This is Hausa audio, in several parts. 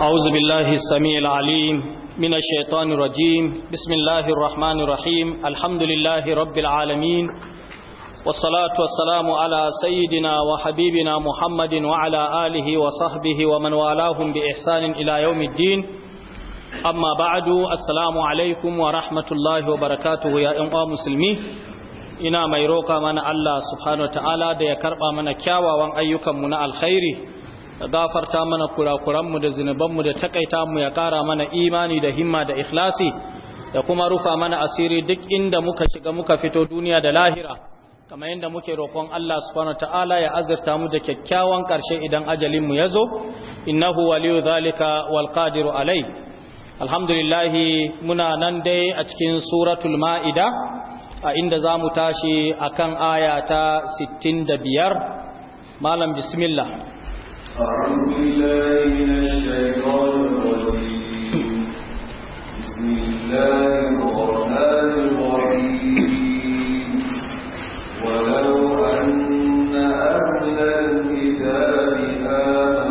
أعوذ بالله السميع العليم من الشيطان الرجيم بسم الله الرحمن الرحيم الحمد لله رب العالمين والصلاة والسلام على سيدنا وحبيبنا محمد وعلى آله وصحبه ومن والاهم بإحسان إلى يوم الدين أما بعد السلام عليكم ورحمة الله وبركاته يا أمة مسلمين ina mai roƙa mana Allah subhanahu wataala da ya karɓa mana kyawawan ayyukanmu na alkhairi gafarta mana kurakuranmu da zunubanmu da takaita mu ya kara mana imani da himma da ikhlasi da kuma rufa mana asiri duk inda muka shiga muka fito duniya da lahira kamar yadda muke roƙon Allah subhanahu ta'ala ya azurta mu da kyakkyawan ƙarshe idan ajalin mu zo innahu waliyu zalika wal qadiru alai alhamdulillah muna nan dai a cikin suratul maida a inda za mu tashi akan aya ta 65 malam bismillah أعوذ بالله من الشيطان ولو أن أهل الكتاب آمنوا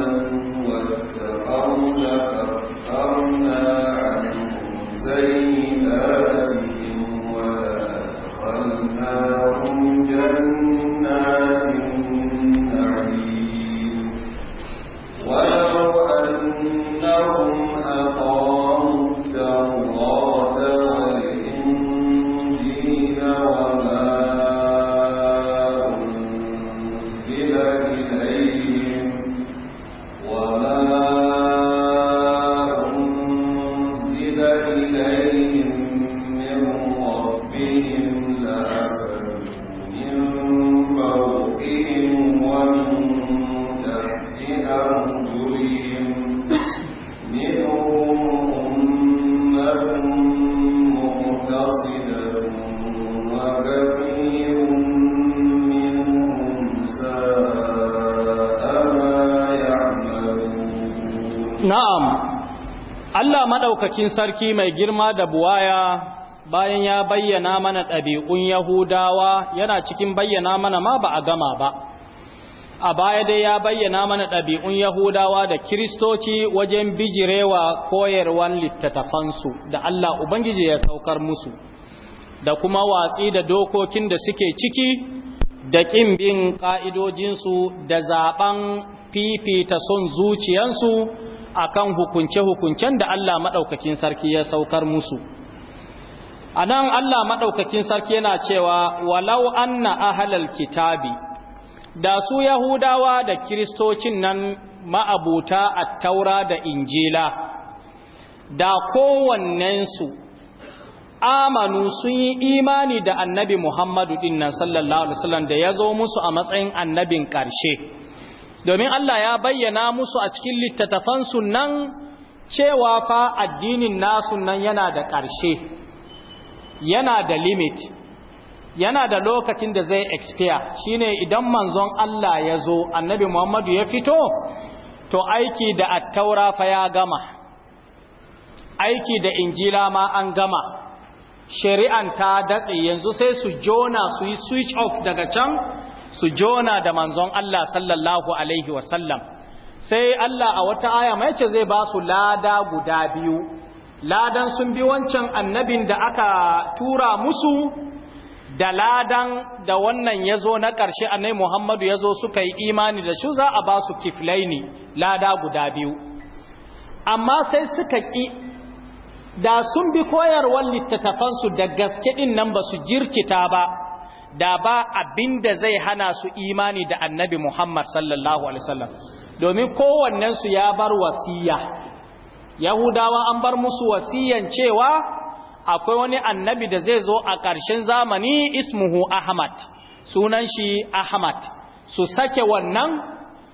madaukakin maɗaukakin sarki mai girma da buwaya bayan ya bayyana mana ɗabi'un Yahudawa yana cikin bayyana mana ma ba a gama ba. A baya dai ya bayyana mana ɗabi'un Yahudawa da Kiristoci wajen bijirewa koyarwan littattafansu da Allah Ubangiji ya saukar musu, da kuma watsi da dokokin da suke ciki da ƙin bin ƙa'idojinsu da zaɓen fifita son zuciyansu akan hukunce-hukuncen da Allah maɗaukakin sarki ya saukar musu a nan Allah maɗaukakin sarki yana cewa walau anna ahalal kitabi da su yahudawa da kiristocin nan ma'abuta a taura da injila da kowannensu amanu sun yi imani da annabi Muhammadu dinnan sallallahu alaihi wasallam da ya zo musu a matsayin annabin ƙarshe domin Allah ya bayyana musu a cikin littattafansu nan cewa fa addinin nasu nan yana da ƙarshe yana da limit yana da lokacin da zai expire shine idan manzon Allah ya zo annabi Muhammadu ya fito to aiki da attaura fa ya gama aiki da injila ma an gama shari'an ta datse yanzu sai su jona su yi switch off daga can su jona da manzon Allah sallallahu alaihi wasallam sai Allah a wata aya mai ce zai ba su lada guda biyu ladan sun bi wancan annabin da aka tura musu da ladan da wannan ya zo na ƙarshe annai Muhammadu ya zo suka yi imani da shi za a ba su kiflaini lada guda biyu amma sai suka ƙi da sun bi koyarwar littattafansu da gaske ɗin nan ba su jirkita ba da ba abin da zai hana su imani da annabi Muhammad sallallahu alaihi wasallam domin kowannensu ya bar wasiya yahudawa an bar musu wasiyan cewa akwai wani annabi da zai zo a ƙarshen zamani ismuhu ahmad sunan shi ahmad su sake wannan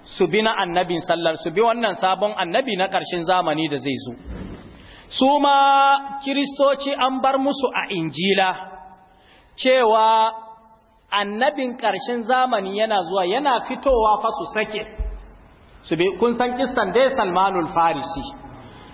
su bi na annabin sallar su bi wannan sabon annabi na ƙarshen zamani da zai zo su ma kiristoci an bar musu a injila cewa annabin ƙarshen zamani yana zuwa yana fitowa fa su sake su bi kun san kistan dai salmanul farisi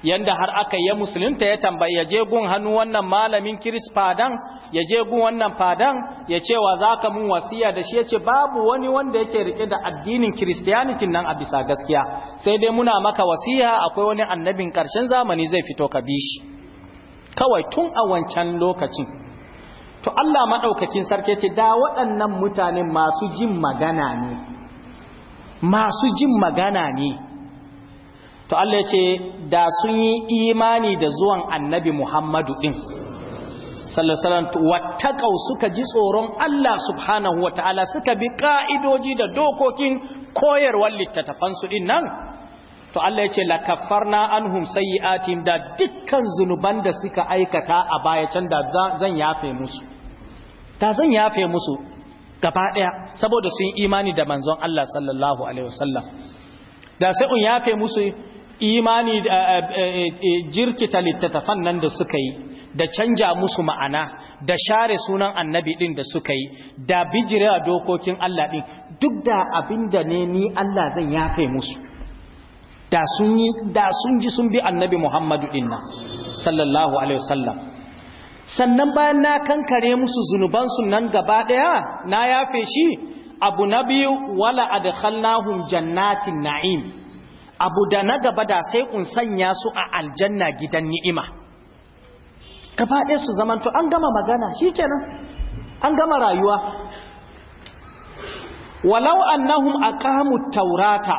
yanda har aka yi musulunta ya tambayi ya je gun hannu wannan malamin kiris fadan ya je gun wannan fadan ya ce wa za ka mun wasiya da shi ya ce babu wani wanda yake rike da addinin kiristiyanitin nan a bisa gaskiya sai dai muna maka wasiya akwai wani annabin ƙarshen zamani zai fito ka bi shi kawai tun a wancan lokacin to Allah maɗaukakin sarki ce da waɗannan mutane masu jin magana ne masu jin magana ne to Allah ce da sun yi imani da zuwan annabi Muhammadu ɗin wa wattaƙau suka ji tsoron Allah subhanahu wa suka bi ka'idoji da dokokin koyarwar littattafansu din nan to Allah ya ce kaffarna anhum sayi'atin da dukkan zunuban da suka aikata a baya can da zan yafe musu da zan yafe musu gaba ɗaya saboda sun imani da manzon Allah sallallahu alaihi wasallam da sai un yafe musu imani eh, eh, eh, jirkita littattafan nan da suka yi da canja musu ma'ana da share sunan annabi din da suka yi da bijira dokokin Allah din duk da abinda ne ni Allah zan yafe musu da sun ji sun bi annabi Muhammadu din nan sallallahu alaihi wasallam sannan bayan na kankare musu zunubansu nan gaba ɗaya na yafe shi abu na biyu wala adkhalnahum jannatin na'im abu da na gaba da sai kun sanya su a aljanna gidan ni'ima gaba ɗaya su to an gama magana shikenan an gama rayuwa walau annahum aqamu taurata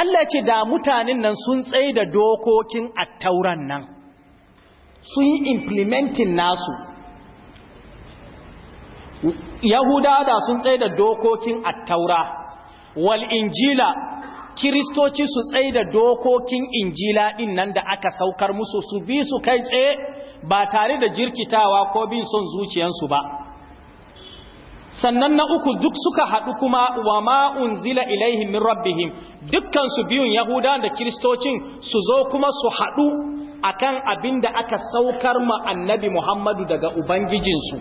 Allah ce da mutanen nan sun tsaye da dokokin at-tauran nan sun yi implementing nasu yahudawa da sun tsaye da dokokin attaura wal injila kiristoci su tsaye da dokokin injila din nan da aka saukar musu su bi su kai tsaye ba tare da jirkitawa ko bin son zuciyansu ba sannan na uku duk suka haɗu kuma wa ma'un zila ilaihim min rabbihim dukkansu biyun yahuda da kiristocin su zo kuma su haɗu akan abin da aka saukar ma annabi Muhammadu daga Ubangijinsu.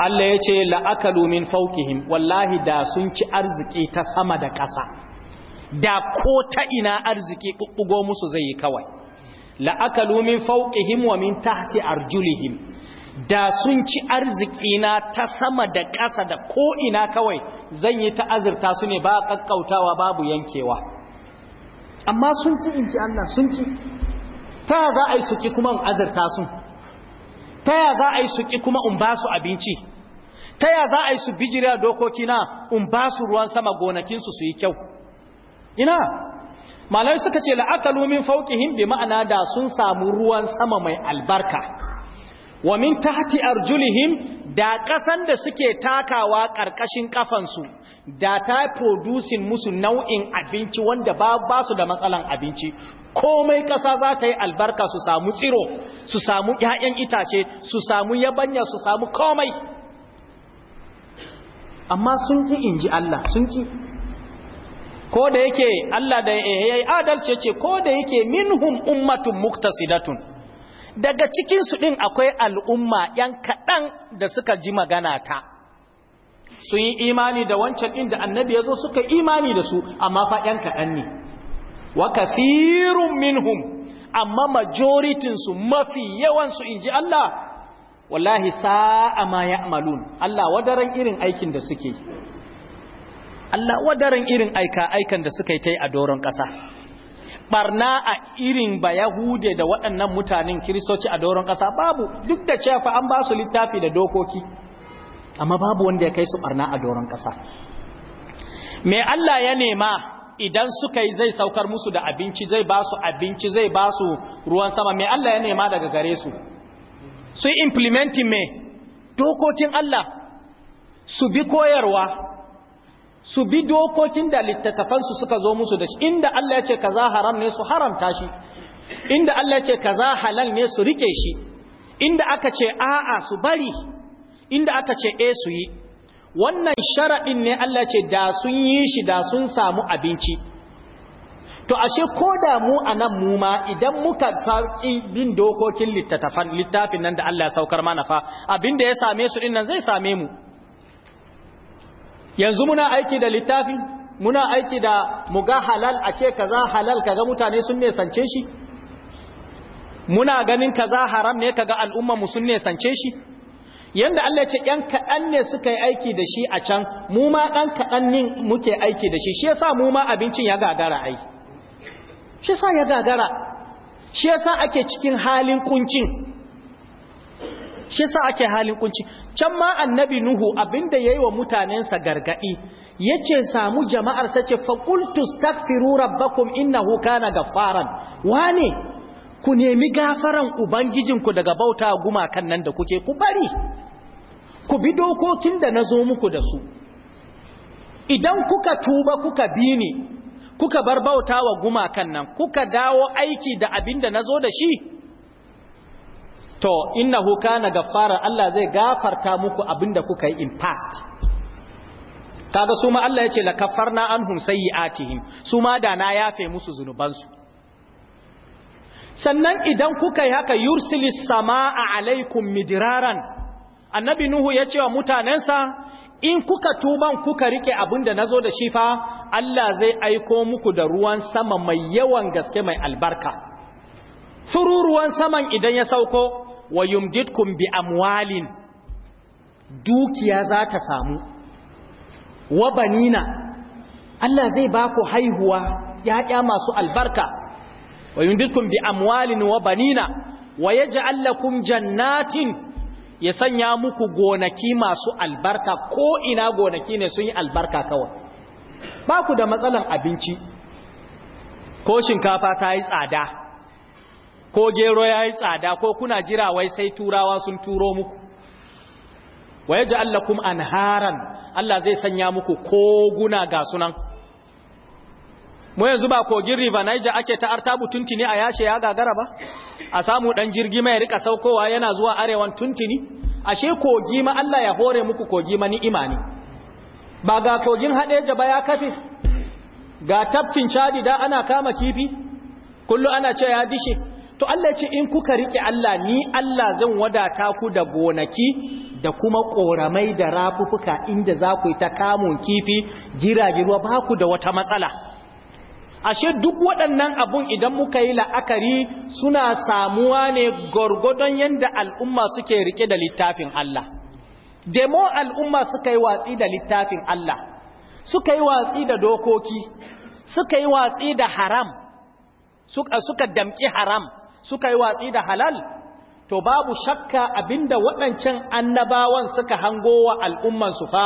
Allah ya ce la'akalu min faukihim wallahi da sun ci arziki ta sama da ƙasa, da ko ta ina arziki ɓuɓɓugo musu zai yi kawai. La'akalu min faukihim wa min tahti arjulihim da sun ci arziki na ta sama da ƙasa da ko ina kawai zan yi ta azurta su ne ba ƙaƙƙautawa babu yankewa. amma sun ki in ki Allah sun ki ta ya za a yi su kuma in azurta su ta ya za a yi su kuma in ba su abinci ta ya za a yi su bijira dokokina in ba su ruwan sama gonakinsu su yi kyau ina malai suka ce la'akalu min fauqihim bi ma'ana da sun samu ruwan sama mai albarka wa min tahti arjulihim da kasan da suke takawa karkashin kafansu da ta producing musu nau'in abinci wanda ba, ba su da matsalan abinci komai kasa za ta yi albarka su samu tsiro su samu ƴaƴan itace su samu yabanya su samu komai amma sun ƙi in ji Allah sun ƙi ko da yake Allah da ya yi adalce ce ko da yake minhum ummatun muktasidatun daga cikinsu ɗin akwai al'umma ‘yan kaɗan da suka ji magana ta Su yi imani da wancan inda annabi ya zo suka imani da su amma fa ‘yan kaɗan ne wa kasirun minhum amma majoritinsu mafi yawansu in ji Allah wallahi sa'a ma ya amalun Allah wadaran irin aikin da suke Allah wadaran irin aika aikan da suka yi ta yi a doron ƙasa barna a irin ba yahude da waɗannan mutanen kiristoci a doron ƙasa babu duk da cewa an ba su littafi da dokoki amma babu wanda ya kai su barna a doron ƙasa me Allah ya nema idan suka yi zai saukar musu da abinci zai ba su abinci zai ba su ruwan sama me Allah ya nema daga gare su su implementing me dokokin Allah su bi koyarwa su bi dokokin da littattafansu suka zo musu da shi inda Allah ya ce kaza haram ne su haramta shi inda Allah ya ce kaza halal ne su rike shi inda aka ce a'a su bari inda aka ce e su yi wannan sharaɗin ne Allah ce da sun yi shi da sun samu abinci to ashe ko da mu a nan mu ma idan muka farki bin dokokin littattafan littafin nan da Allah ya saukar mana fa abinda ya same su ɗin nan zai same mu yanzu muna aiki da littafi muna aiki da muga halal a ce kaza halal kaga mutane sun nesance shi muna ganin kaza haram ne kaga al'umma mu sun nesance shi yanda Allah ce ‘yan kaɗan ne suka yi aiki da shi a can, mu ma ɗan kaɗan ne muke aiki da shi, shi yasa mu ma abincin ya gagara ai. Shi yasa ya gagara, shi yasa ake cikin halin kuncin, shi yasa ake halin kuncin. can ma annabi nuhu abinda yayi wa mutanensa gargadi yace samu jama'ar sace faqultu astaghfiru rabbakum innahu kana gaffaran wane ku nemi gafaran ubangijinku daga bauta gumakan nan da kuke ku bari ku bi dokokin da nazo muku da su idan kuka tuba kuka bi ni kuka bar bauta wa gumakan nan kuka dawo aiki da abinda nazo da shi to innahu kana gaffara Allah zai gafarta muku abinda kuka yi in past kaga su ma Allah yace la kaffarna anhum sayyi'atihim su ma da na yafe musu zunubansu sannan idan kuka yi haka yursilis samaa alaikum midraran annabi nuhu yace wa mutanensa in kuka tuban kuka rike abinda nazo da shi fa Allah zai aiko muku da ruwan sama mai yawan gaske mai albarka Fururuwan saman idan ya sauko wa yumdidkum bi amwalin dukiya za ta samu wa banina Allah zai ba ku haihuwa ya'ya masu albarka wa yumdidkum bi amwalin wa banina wa yaj'al lakum jannatin ya sanya muku gonaki masu albarka ko ina gonaki ne sun yi albarka kawai ba ku da matsalan abinci ko shinkafa ta yi tsada ko gero ya yi tsada ko kuna jira wai sai turawa sun turo muku wa ji allakum an haran Allah zai sanya muku koguna ga sunan mu yanzu ba kogin river naija ake ta artabu tuntuni a yashe ya gagara ba a samu dan jirgi mai rika saukowa yana zuwa arewan tuntuni ashe kogi ma Allah ya hore muku kogi ma ni'ima ne ba ga kogin haɗeja ba ya kafe ga tafkin chadi da ana kama kifi kullu ana ce ya dishe to Allah ce in kuka rike Allah ni Allah zan wadata ku da gonaki da kuma koramai da rafufuka, inda za ku yi ta kamun kifi girage ruwa ba ku da wata matsala ashe duk waɗannan abun idan muka yi la'akari suna samuwa ne gorgodon yadda al'umma suke rike da littafin Allah demo al'umma suka yi watsi da littafin Allah suka yi watsi da dokoki suka yi watsi da haram suka damƙi haram suka yi watsi da halal to babu shakka abinda waɗancan annabawan suka hango wa al'ummansu fa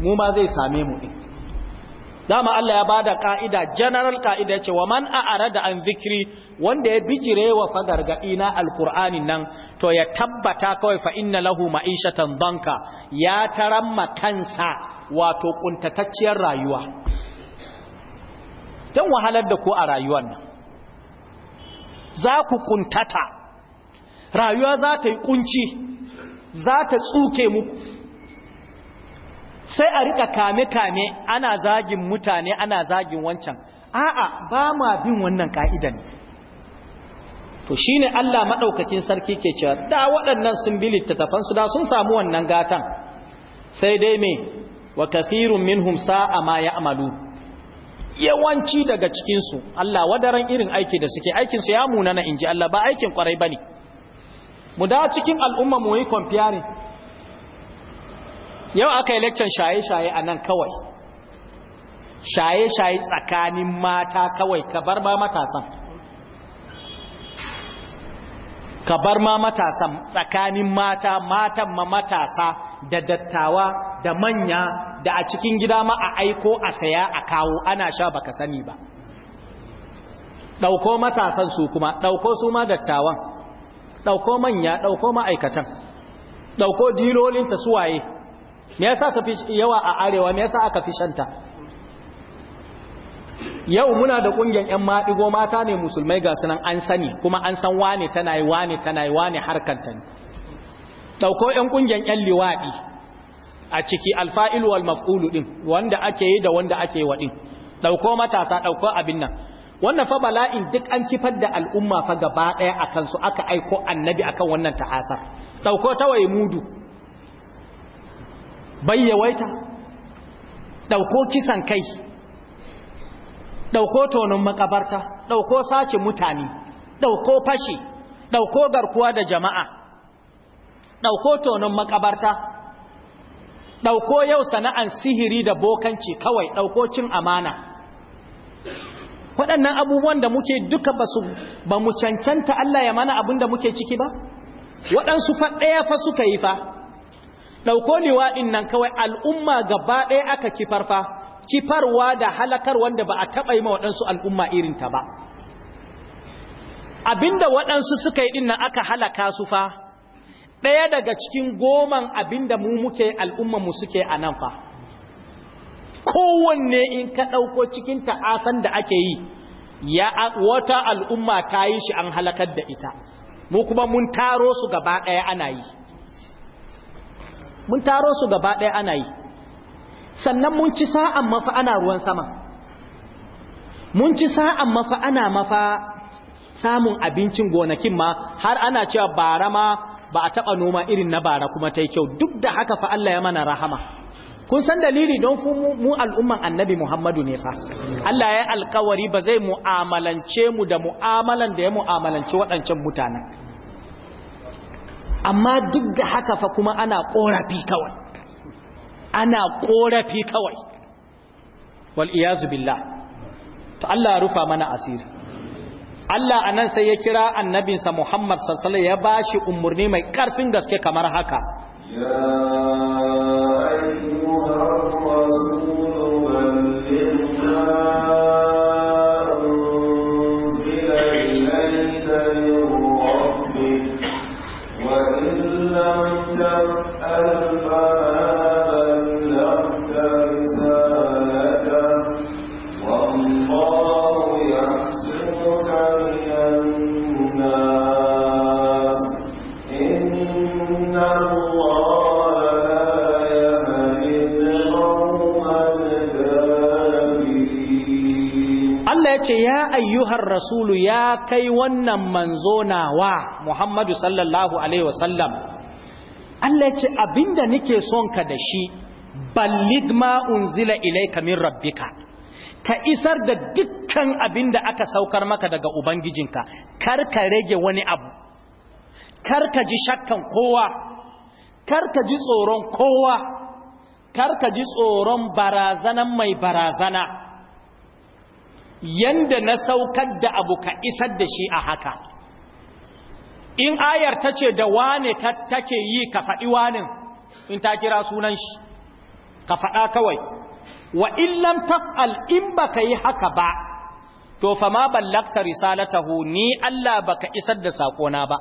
mu ma zai same mu ɗin dama Allah ya bada ka'ida general ka'ida ce wa man da an zikri wanda ya bijire wa fadargadi na alkur'ani nan to ya tabbata kawai fa inna lahu ma'ishatan banka, ya taramma kansa wato kuntatacciyar rayuwa dan wahalar da ku a rayuwar nan za ku kuntata rayuwa za ta yi kunci za ta tsuke muku sai a rika kame-kame ana zagin mutane ana zagin wancan a'a ba ma bin wannan ka'idan to shi ne Allah maɗaukacin sarki ke cewa da waɗannan sun bi littattafan su da sun samu wannan gatan sai dai mai wa kafirun minhum sa'a ma ya amalu yawanci daga cikinsu Allah wadaran irin aiki da suke su ya munana in ji Allah ba aikin kwarai ba ne mu da cikin al'umma mu yi kwamfiyari yau aka yi lekcan shaye-shaye a nan kawai shaye-shaye tsakanin mata kawai ka bar ba matasan ka bar ma matasa tsakanin mata matan ma matasa da dattawa da manya da a cikin gida ma a aiko a saya a kawo ana sha baka sani ba ɗauko matasan su kuma ɗauko su ma dattawan ɗauko manya ɗauko ma'aikatan ɗauko dilolinta suwaye me yasa ka fi yawa a arewa me yasa aka fi shanta yau muna da ƙungiyar 'yan maɗigo mata ne musulmai ga sunan an sani kuma an san wane tana yi wane tana yi wane harkanta ne ɗauko 'yan ƙungiyar 'yan liwaɗi a ciki alfa'ilu maf'ulu ɗin wanda ake yi da wanda ake yi waɗin ɗauko matasa ɗauko abin nan wannan fa bala'in duk an kifar da al'umma fa gaba ɗaya a kansu aka aiko annabi akan wannan ta'asar ɗauko tawaye mudu bayyawaita ɗauko kisan kai ɗauko tonon makabarta ɗauko sace mutane ɗauko fashi ɗauko garkuwa da jama'a ɗauko tonon makabarta ɗauko yau sana'an sihiri da bokanci kawai ɗauko cin amana waɗannan abubuwan da muke duka basu ba mu cancanta Allah ya mana abin da muke ciki ba waɗansu fa ɗaya fa suka yi fa ɗauko liwaɗin nan kawai al'umma gaba ɗaya aka kifar fa kifarwa da halakar wanda ba a taɓa yi ma waɗansu al'umma irinta ba abinda waɗansu suka yi ɗin aka halaka su fa ɗaya daga cikin goman abinda mu muke mu suke a nan fa kowanne in ka ɗauko cikin ta'asan da ake yi ya wata al'umma ta yi shi an halakar da ita mu kuma mun taro su gaba ɗaya ana yi mun taro su gaba ɗaya ana yi sannan mun ci sa'an mafa ana ruwan sama mun ci sa'an mafa ana mafa samun abincin gonakin ma har ana cewa bara ma ba a taɓa noma irin na bara kuma ta yi kyau duk da haka fa Allah ya mana rahama kun san dalili don fu mu al'umman annabi Muhammadu ne fa Allah ya alkawari ba zai mu'amalance mu da mu'amalan da ya mu'amalanci waɗancan mutanen amma duk da haka fa kuma ana ƙorafi kawai ana korafi kawai wal iyazu billah to Allah rufa mana asiri Allah anan sai ya kira annabinsa Muhammad sallallahu alaihi ya bashi umarni mai ƙarfin gaske kamar haka ya ayyuhar rasul rasulu ya kai wannan manzona wa Muhammadu sallallahu alaihi wasallam Allah ce abinda nake son ka da shi ballig ma unzila ilayka min rabbika ka isar da dukkan abinda aka saukar maka daga ubangijinka kar ka rage wani abu kar ka ji shakkan kowa kar ka ji tsoron kowa kar ka ji tsoron barazanan mai barazana yanda na saukar da abu ka isar da shi a haka in ayar ta ce da wane take yi ka faɗi wanin in ta kira sunan shi ka faɗa kawai wa illam taf'al in baka yi haka ba to fa ma ballagta risalatahu ni Allah baka isar da sako na ba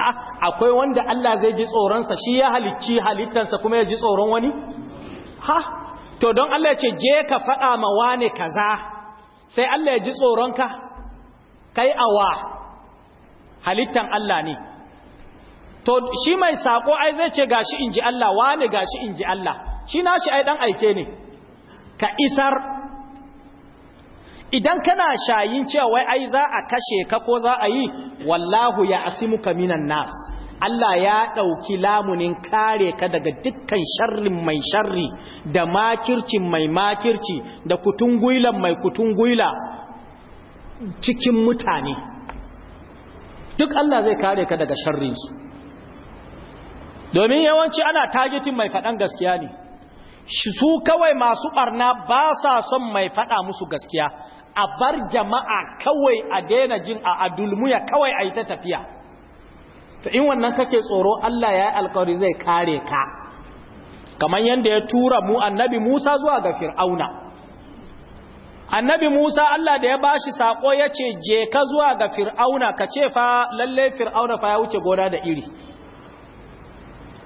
ah akwai wanda Allah zai ji tsoron sa shi ya halicci halittansa kuma ya ji tsoron wani ha to don Allah ya ce je ka faɗa ma wane kaza sai Allah ya ji tsoronka kai awa halittan Allah ne to shi mai sako ai zai ce gashi in ji Allah wane gashi in ji Allah shi nashi ai dan aike ne ka isar idan kana shayin cewa wai ai za a kashe ka ko za a yi wallahu ya asimuka minan nas Allah ya ɗauki lamunin kare ka daga dukkan sharrin mai sharri da makircin mai makirci da kutunguilan mai kutunguila cikin mutane duk Allah zai kare ka daga sharrinsu domin yawanci ana tagitin mai faɗan gaskiya ne su kawai masu ɓarna ba sa son mai faɗa musu gaskiya a bar jama'a kawai a daina jin a adulmuya kawai a yi ta tafiya to in wannan kake tsoro Allah ya yi alkawari zai kare ka kamar yadda ya tura mu annabi Musa zuwa ga Fir'auna annabi Musa Allah da ya ba shi sako ya ce je ka zuwa ga Fir'auna ka ce fa lalle Fir'auna fa ya wuce gona da iri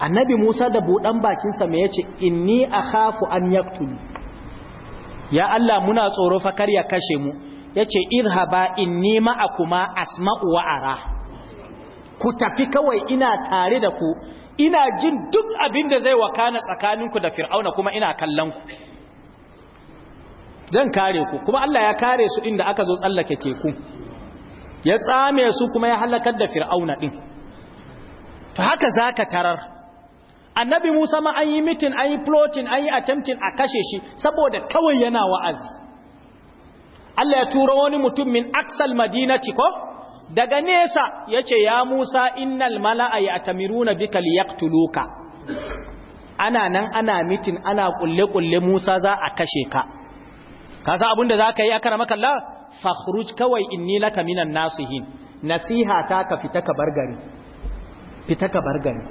annabi Musa da buɗan bakinsa mai ya ce inni akhafu an yaktulu ya Allah muna tsoro fa kar ya kashe mu yace idhaba inni ma'akuma asma'u wa'ara. ara ku tafi kawai ina tare da ku ina jin duk abin da zai wakana tsakaninku da fir'auna kuma ina kallon ku zan kare ku kuma Allah ya kare su inda aka zo tsallake teku ya tsame su kuma ya halakar da fir'auna din to haka zaka tarar annabi Musa ma an yi mitin an yi plotting an yi attempting a kashe shi saboda kawai yana wa'azi Allah ya turo wani mutum min aksal madinati ko daga nesa ya ce ya musa innal mala'a ya tamiruna bika liyaktuluka ana nan ana mitin ana kulle-kulle musa za a kashe ka ka sa abinda za ka yi aka rama kalla fakhruj kawai inni laka minan nasihin nasiha ta ka fita ka bar gari fita ka bar gari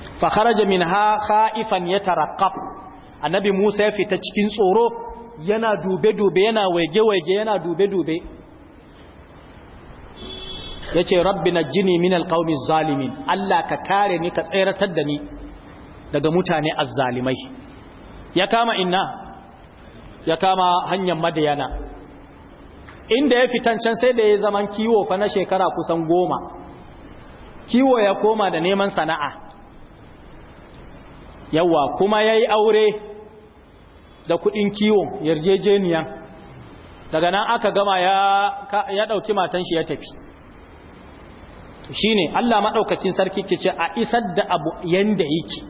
min kharaja minha ya yatarqab annabi musa ya fita cikin tsoro yana dube-dube yana wege-wege yana dube-dube ya ce rabbi na jini min alƙaumi zalimin Allah ka kare ni ka tseratar da ni daga mutane azzalimai ya kama inna ya kama hanyar madayana inda ya fitan can sai da ya yi zaman kiwo fa na shekara kusan goma kiwo ya koma da neman sana'a yawa kuma ya yi aure da kudin kiwo, yarjejeniya daga nan aka gama ya, ya ɗauki matan shi ya tafi shine Allah maɗaukacin sarki ke ce a isar da abu yanda yake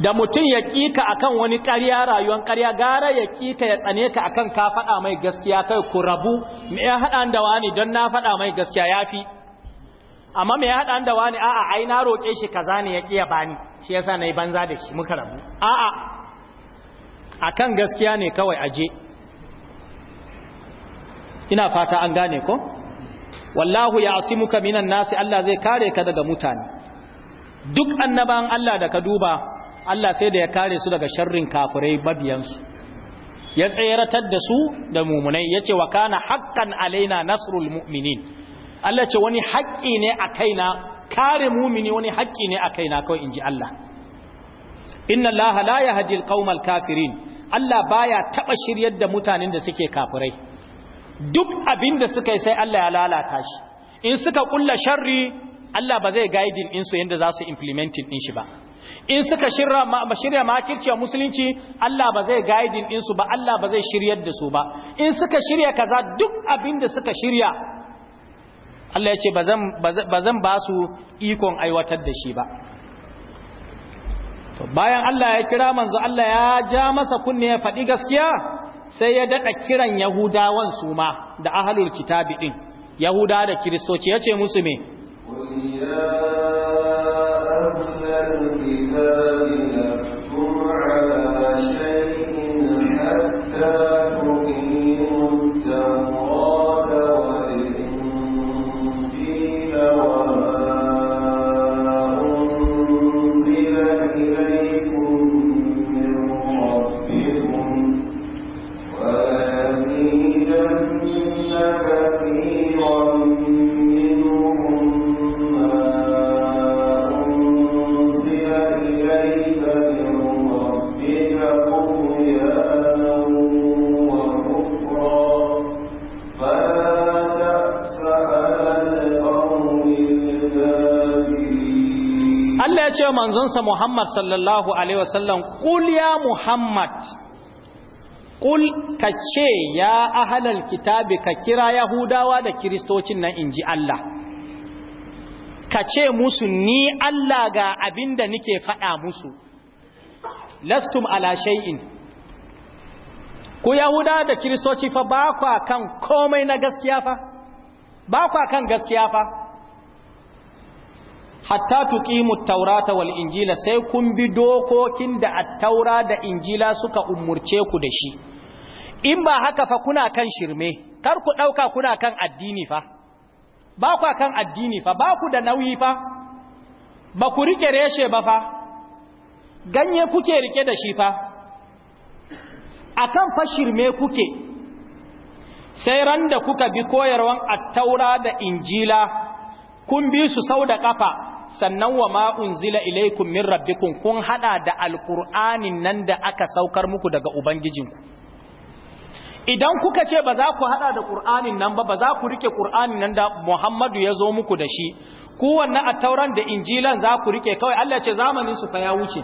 da mutum ya a kan wani ƙarya rayuwar ƙarya gara ya kika ya tsane ka a kan ka faɗa mai gaskiya kai ku rabu me ya haɗa da wani don na faɗa mai gaskiya ya fi? amma mai ya haɗa da wani a'a ai na roƙe shi kaza ne ya ƙiya bani shi yasa yi banza da shi muka rabu a'a kan gaskiya ne kawai aje ina fata an gane ko wallahu ya asimuka minan nasi Allah zai kare ka daga mutane duk annaban Allah da ka duba Allah sai da ya kare su daga sharrin kafirai mabiyansu ya tseratar da su da mumunai ya ce wa kana haƙƙan alaina nasrul mu'minin Allah ce wani haƙƙi ne a kaina kare mumini wani haƙƙi ne a kaina kawai in ji Allah inna Allah la yahdi al kafirin Allah baya taba shiryar da mutanen da suke kafirai duk abin da suka yi sai Allah ya lalata shi in suka kulla sharri Allah ba zai guiding insu yadda za su implementing din shi ba in suka shirya shirya makirci a musulunci Allah ba zai guiding insu ba Allah ba zai shiryar da su ba in suka shirya kaza duk abin da suka shirya Allah ya ce ba zan ba su ikon aiwatar da shi ba bayan Allah ya kira manzo Allah ya ja masa kunne ya faɗi gaskiya sai ya daɗa kiran yahudawan su ma da ahalul kitabi ɗin yahuda da kiristoci ya ce musu me ya manzonsa Muhammad sallallahu alaihi wasallam ƙul ya Muhammad ƙul ka ce ya ahalar kitabi ka kira yahudawa da kiristocin nan inji Allah ka ce musu ni Allah ga abin da nike faɗa musu lastum ala shay'in ku yahuda da kiristoci fa ba kan komai na gaskiya fa ba kan gaskiya fa hatta tuqimu taurata wal injila sai kun bi dokokin da at-taura da injila suka umurce ku da shi in ba haka fa kuna kan shirme kar ku dauka kuna kan addini fa ba ku kan addini fa ba ku da nauyi fa ba ku rike reshe ba fa ganye kuke rike da shi fa akan fa shirme kuke sai ran da kuka bi koyarwan at-taura da injila kun bi su sau da kafa sannan wa ma unzila ilaikum min rabbikum kun hada da alqur'anin nan da aka saukar muku daga ubangijinku idan kuka ce ba za ku hada da qur'anin nan ba ba za ku rike qur'anin nan da Muhammadu ya zo muku da shi kowanne wannan attauran da injilan za ku rike kawai Allah ce zamanin su fa ya wuce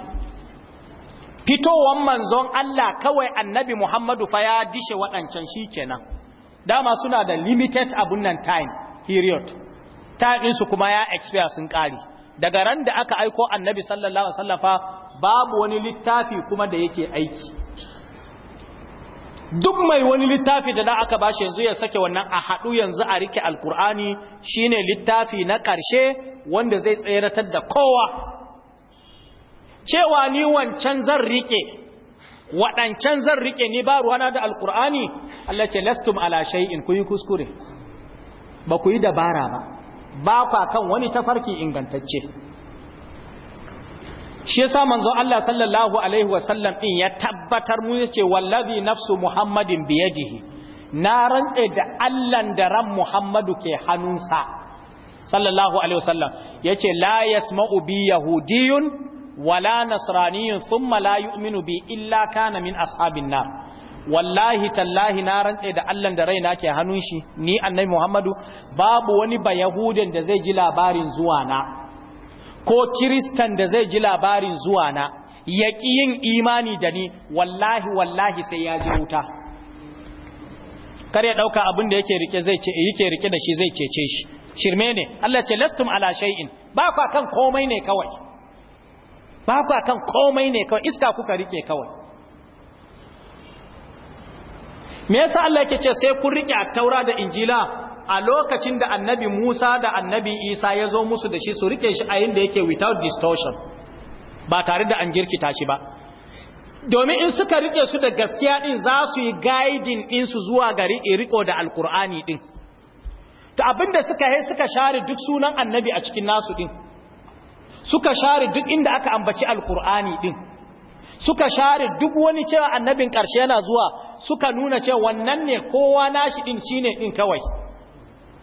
fitowar manzon Allah kawai annabi Muhammadu fa ya dishe waɗancan shi kenan. dama suna da limited abun nan time period su kuma ya expire sun ƙari daga ran da aka aiko annabi sallallahu alaihi wasallam babu wani littafi kuma da yake aiki duk mai wani littafi da da aka bashi yanzu ya sake wannan a haɗu yanzu a rike alkur'ani shine littafi na ƙarshe wanda zai tseratar da kowa cewa ni wancan zan rike Wadancan zan rike ni ba ruwana da alkur'ani Allah ce lastum ala shay'in ku yi kuskure ba ku yi dabara ba ba kwa kan wani tafarki ingantacce shi yasa manzo Allah sallallahu alaihi wasallam din ya tabbatar mu yace wallazi nafsu muhammadin biyadihi na rantse da Allah da ran muhammadu ke hannunsa sallallahu alaihi wasallam yace la yasma'u bi yahudiyyun wala nasraniyyun thumma la yu'minu bi illa kana min ashabin nar wallahi tallahi na rantse da Allah da raina ke hannun shi ni annabi Muhammadu babu wani ba yahudan da zai ji labarin zuwa na ko kiristan da zai ji labarin zuwa na yaki yin imani da ni wallahi wallahi sai ya ji wuta kar ya dauka abin da yake rike zai ce yake rike da shi zai cece shi shirme ne Allah ce lastum ala shay'in ba kwa kan komai ne kawai ba kwa kan komai ne kawai iska kuka rike kawai me yasa Allah yake ce sai kun rike taura da injila a lokacin da annabi Musa da annabi Isa ya zo musu da shi su rike shi a inda yake without distortion ba tare da an jirkita shi ba domin in suka rike su da gaskiya din za su yi guiding din su zuwa gari riko da alkur'ani din to abinda suka yi suka share duk sunan annabi a cikin nasu din suka share duk inda aka ambaci alkur'ani din suka share duk wani cewa annabin ƙarshe yana zuwa suka nuna cewa wannan ne kowa nashi din shine din kawai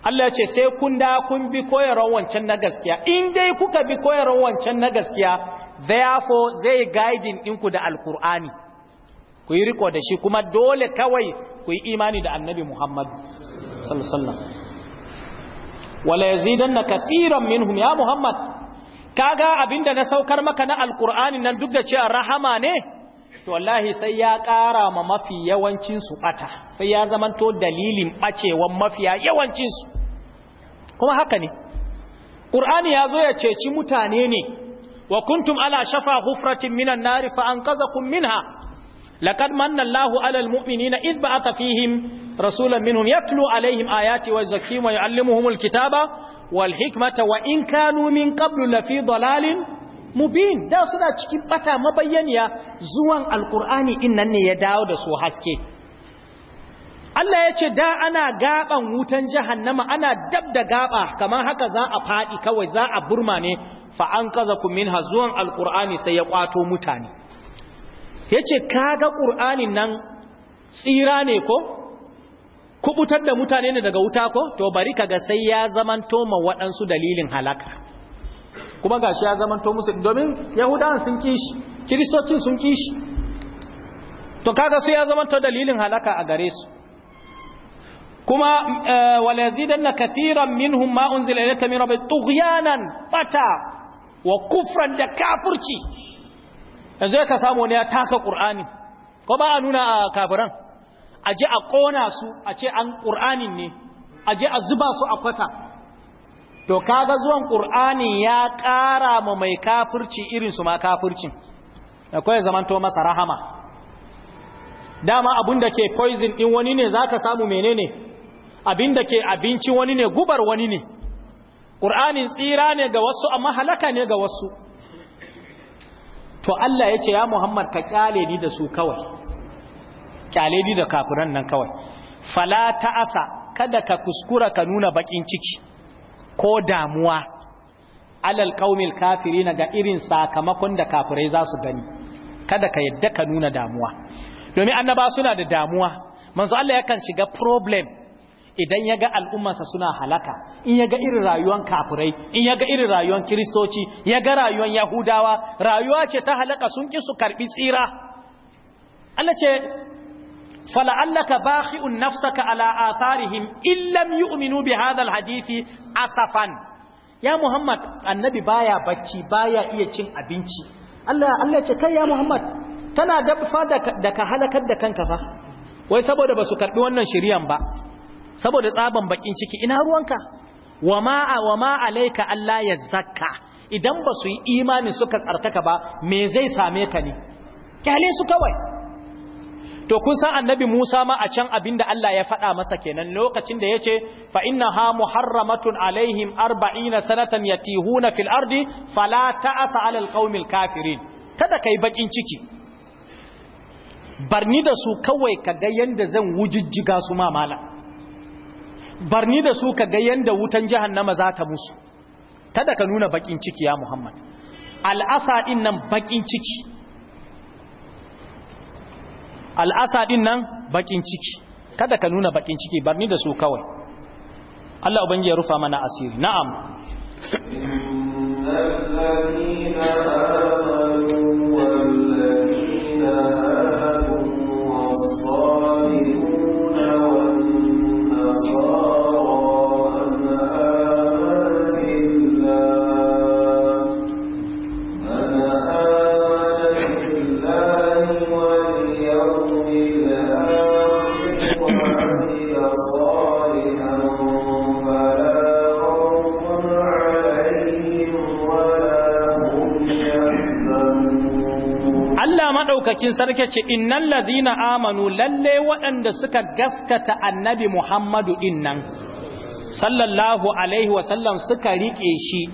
Allah ya ce sai kun da kun bi koyarwar wancan na gaskiya in dai kuka bi koyarwar wancan na gaskiya therefore zai guiding ku da alkur'ani ku yi riko da shi kuma dole kawai ku yi imani da annabi muhammadu sallallahu alaihi wasallam wala yazidanna kathiran minhum ya muhammad kaga abinda na saukar maka na alkur'ani nan duk da cewa rahama ne to wallahi sai ya ƙara ma mafi yawancin su bata sai ya zamanto dalilin bacewan mafiya yawancin su kuma haka ne ƙur'ani ya zo ya ceci mutane ne wa kuntum ala shafa hufratin minan nari fa kun minha laqad manna Allahu alal mu'minina id aka fihim rasulan minhum yatlu alaihim ayati wa yuzakkihim wa yu'allimuhumul kitaba wal hikmata wa in kanu min qablu lafi dalalin mubin da suna cikin bata mabayyaniya zuwan alqur'ani innan ne ya dawo da su haske Allah ya ce da ana gaban wutan jahannama ana dab da gaba kamar haka za a fadi kawai za a burma ne fa an kaza ku minha zuwan alqur'ani sai ya kwato mutane yace kaga qur'anin nan tsira ne ko kubutar da mutane ne daga wuta ko to bari kaga sai ya zamanto ma waɗansu dalilin halaka kuma gashi ya zamanto musu domin yahudawan sun kishi kiristocin sun kishi to kaga sai ya zamanto dalilin halaka a gare su kuma eh, wala yazidanna kathiran minhum ma unzila ilayka min rabbik tughyanan bata wa kufran da kafirci yanzu ka samu ne ya taka qur'ani ko ba a nuna a kafiran Aje a ƙona su a ce an ƙur'anin ne aje a zuba su a kwata to kaga zuwan ƙur'anin ya ƙara ma mai kafirci irinsu ma kafircin da kawai zamanto masa rahama dama abinda ke poison ɗin wani ne za samu menene abinda ke abincin wani ne gubar wani ne ƙur'anin tsira ne ga wasu amma halaka ne ga wasu to Allah ya ce ya Muhammad ka ƙyale ni da su kawai kyale da kafiran nan kawai fala asa kada ka kuskura ka nuna bakin ciki ko damuwa alal qaumil kafirina ga irin sakamakon da kafirai za su gani kada ka yadda ka nuna damuwa domin annaba suna da damuwa manzo Allah yakan shiga problem idan yaga al'ummarsa suna halaka in yaga irin rayuwar kafirai in yaga irin rayuwar kristoci yaga rayuwar yahudawa rayuwa ce ta halaka sun ki su karbi tsira Allah ce fala'allaka bakhi'un nafsaka ala atharihim illam yu'minu bi hadha alhadisi asafan ya muhammad annabi baya bacci baya iya cin abinci Allah Allah ce kai ya muhammad tana dafa da ka halakar da kanka fa wai saboda basu karbi wannan shiriyan ba saboda tsaban bakin ciki ina ruwanka Wa wama alaika Allah zakka idan basu yi imani suka tsartaka ba me zai same ka ne kyale su kawai to kun san annabi Musa ma a can abinda Allah ya faɗa masa kenan lokacin da yace fa innaha muharramatun alaihim 40 sanatan yatihuna fil ardi fala ta'fa 'ala alqaumil kafirin kada kai bakin ciki barni da su kawai kaga yanda zan wujijjiga su ma mala barni da su kaga yanda wutan jahannama za ta musu kada ka nuna bakin ciki ya Muhammad al'asa din nan bakin ciki al'asa din nan bakin ciki kada ka nuna baƙin ciki bar ni da su kawai Allah ubangi ya rufa mana asiri na'am maɗaukakin sarki ce innal lazina amanu lalle waɗanda suka gaskata annabi muhammadu innan sallallahu alaihi wa sallam, suka riƙe shi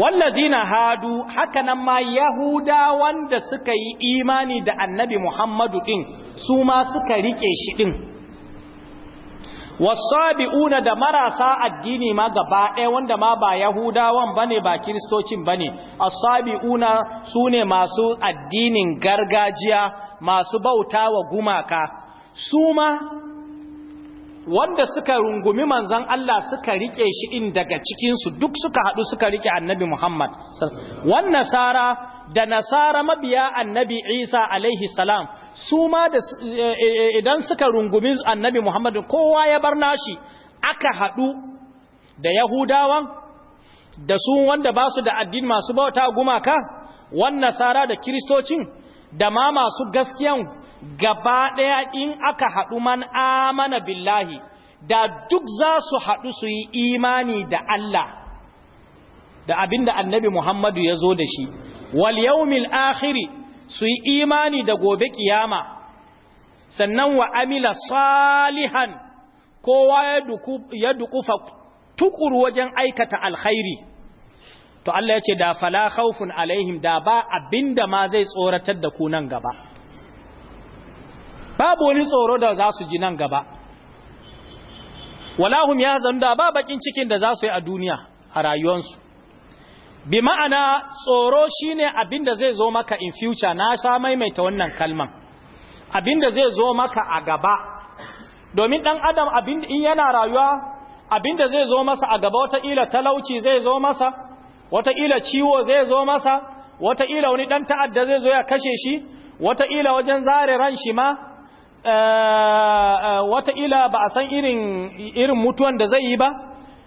wallazina hadu hakanan ma yahuda wanda suka yi imani da annabi muhammadu ɗin su ma suka riƙe shi ɗin una da marasa addini ma gaba ɗaya wanda ma ba yahudawan bane ba kiristocin bane asabi'una sune masu addinin gargajiya masu bauta wa gumaka su ma wanda suka rungumi manzan Allah suka rike shi in daga cikinsu duk suka haɗu suka rike annabi Muhammad wannan sara da nasara mabiya annabi isa alaihi salam su ma eh, eh, eh, idan suka rungumi annabi muhammadu kowa ya bar nashi aka haɗu da yahudawan da su wanda ba su da addini masu bauta gumaka wan nasara da kiristocin da ma masu gaskiyan gaba ɗaya in aka haɗu man amana billahi da duk za su haɗu su yi imani da Allah da abinda annabi Muhammadu ya zo da shi wal yawmil akhiri su yi imani da gobe kiyama sannan wa amila salihan kowa ya dukufa tukuru wajen aikata alkhairi to Allah ya ce da fala khawfun alaihim da ba abinda ma zai tsoratar da ku nan gaba babu wani tsoro da za su ji nan gaba walahum ya zanda ba bakin cikin da za su yi a duniya a rayuwarsu bi ma'ana tsoro shine abinda zai zo maka in future na sha maimaita wannan kalman abinda zai zo maka a gaba domin dan adam in yana rayuwa abinda zai zo masa a gaba wata ila talauci zai zo masa wata ila ciwo zai zo masa wata ila wani dan ta'adda zai zo ya kashe shi wata ila wajen zare ran shi ma eh, eh, wata ila ba a san irin irin mutuwan da zai yi ba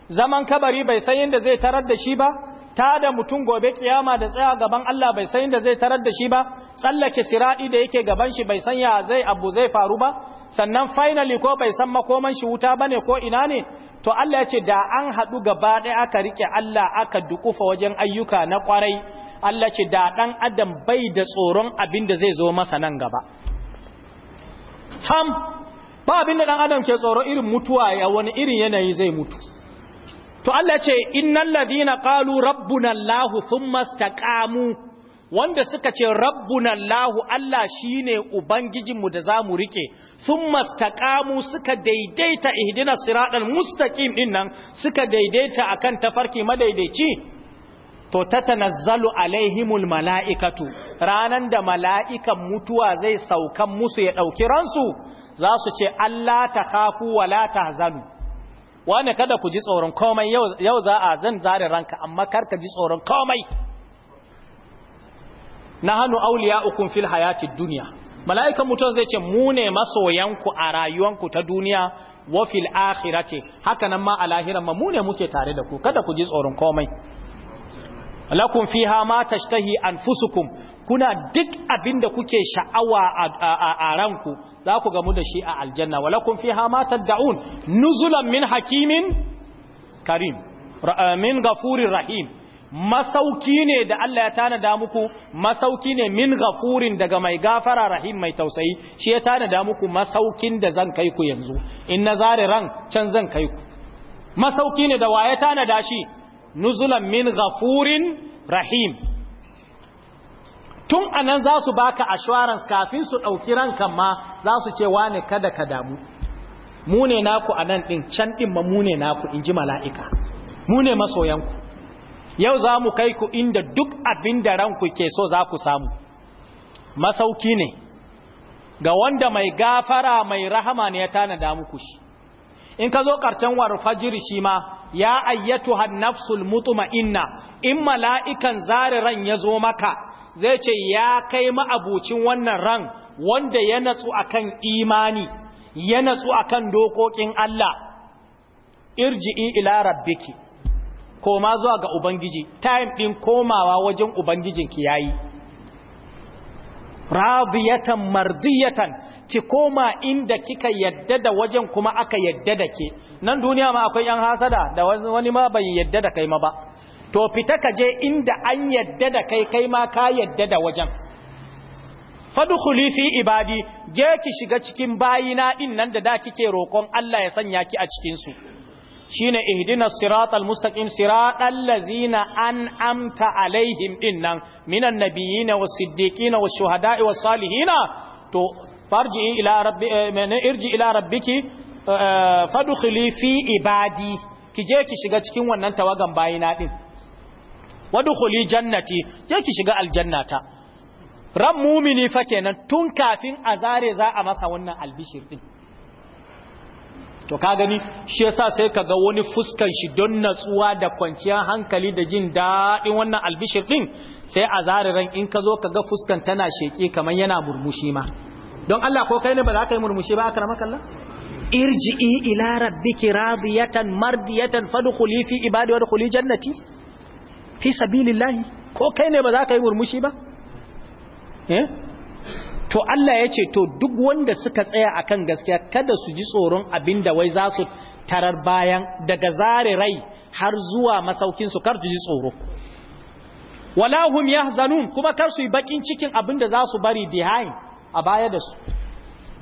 zaman kabari bai san yadda zai tarar da shi ba ta da mutum gobe kiyama da tsaya gaban Allah bai san da zai tarar da shi ba tsallake siradi da yake gaban shi bai san ya zai abu zai faru ba sannan finally ko bai san makoman shi wuta bane ko ina ne to Allah ya ce da an haɗu gaba ɗaya aka rike Allah aka dukufa wajen ayyuka na kwarai Allah ce da dan adam bai da tsoron abin da zai zo masa nan gaba sam ba abin da dan adam ke tsoro irin mutuwa ya wani irin yanayi zai mutu to Allah ce innal ladina qalu rabbuna allah thumma istaqamu wanda suka ce rabbuna allah shi ne ubangijinmu da zamu riƙe thumma istaqamu suka daidaita ihdina siratal mustaqim dinnan suka daidaita akan tafarki madaidaici to tatanazzalu alaihimul mala'ikatu ranan da mala'ikan mutuwa zai saukan musu ya ɗauki ransu za su ce Allah ta kafu wa la ta zanu wane kada ku ji tsoron komai yau za a zan zare ranka amma kar ka ji tsoron komai na hannu auliya ukun fil hayati duniya mala'ikan mutum zai ce mu ne masoyanku a rayuwanku ta duniya wa fil akhirati haka ma a lahiran ma mu ne muke tare da ku kada ku ji tsoron komai lakum fiha ma tashtahi anfusukum kuna duk abinda kuke sha'awa a ranku za ku gamu da shi a aljanna fi fiha ma da'un nuzulan min hakimin karim eh, min gafurin rahim masauki ne da Allah ya tanada muku masauki ne min gafurin daga mai gafara rahim mai tausayi shi ya tanada muku masaukin da zan kai ku yanzu in na zare ran can zan kai ku masauki ne da waye tanada shi nuzulan min ghafurin rahim tun anan za su baka assurance kafin su ɗauki ranka ma za su ce wane kada ka damu mu ne naku anan ɗin can ɗin ma mu ne naku in mala'ika mu ne masoyanku yau za mu kai ku inda duk abin da ranku ke so za ku samu masauki ne ga wanda mai gafara mai rahama ne ya tanada muku shi in ka zo ƙarshen warfajir shi ma ya ayyatu ayyatuhan nafsul mutma'inna in mala'ikan zari ran ya zo maka zai ce ya kai ma'abucin wannan ran wanda ya natsu akan imani ya natsu akan dokokin Allah irji'i ila rabbiki koma zuwa ga ubangiji time ɗin komawa wajen ubangijinki yi radiyatan mardiyatan ki koma inda kika yadda da wajen kuma aka yadda da ke nan duniya ma akwai yan hasada da wani ma bai yadda da kai ma ba to fita ka je inda an yadda da kai kai ma ka yadda da wajen fadu khulifi ibadi je ki shiga cikin bayina din nan da da kike roƙon Allah ya sanya ki a cikin su shine ihdinas siratal mustaqim siratal ladzina an'amta alaihim dinnan minan nabiyina was siddiqina was shuhada'i was salihina to farji ila rabbi mene irji ila rabbiki fadkhili fi ibadi ki je ki shiga cikin wannan tawagan bayina din wadkhuli jannati je ki shiga aljannata ran mumini fa kenan tun kafin azare za a masa wannan albishir din to ka gani shi yasa sai ka ga wani fuskan shi don natsuwa da kwanciyar hankali da jin daɗin wannan albishir din sai a ran in ka zo ka ga fuskan tana sheke kamar yana murmushi ma don Allah ko kai ne ba za ka yi murmushi ba akramaka Allah irji'i ila rabbiki radiyatan mardiyatan fadkhuli fi ibadi wa dkhuli jannati fi sabilillah ko kai ne ba za ka yi murmushi ba eh to Allah ya ce to duk wanda suka tsaya akan gaskiya kada su ji tsoron abinda wai za su tarar bayan daga zare rai har zuwa masaukin su kar su ji tsoro wala hum yahzanun kuma kar su yi bakin cikin abinda za su bari behind a baya da su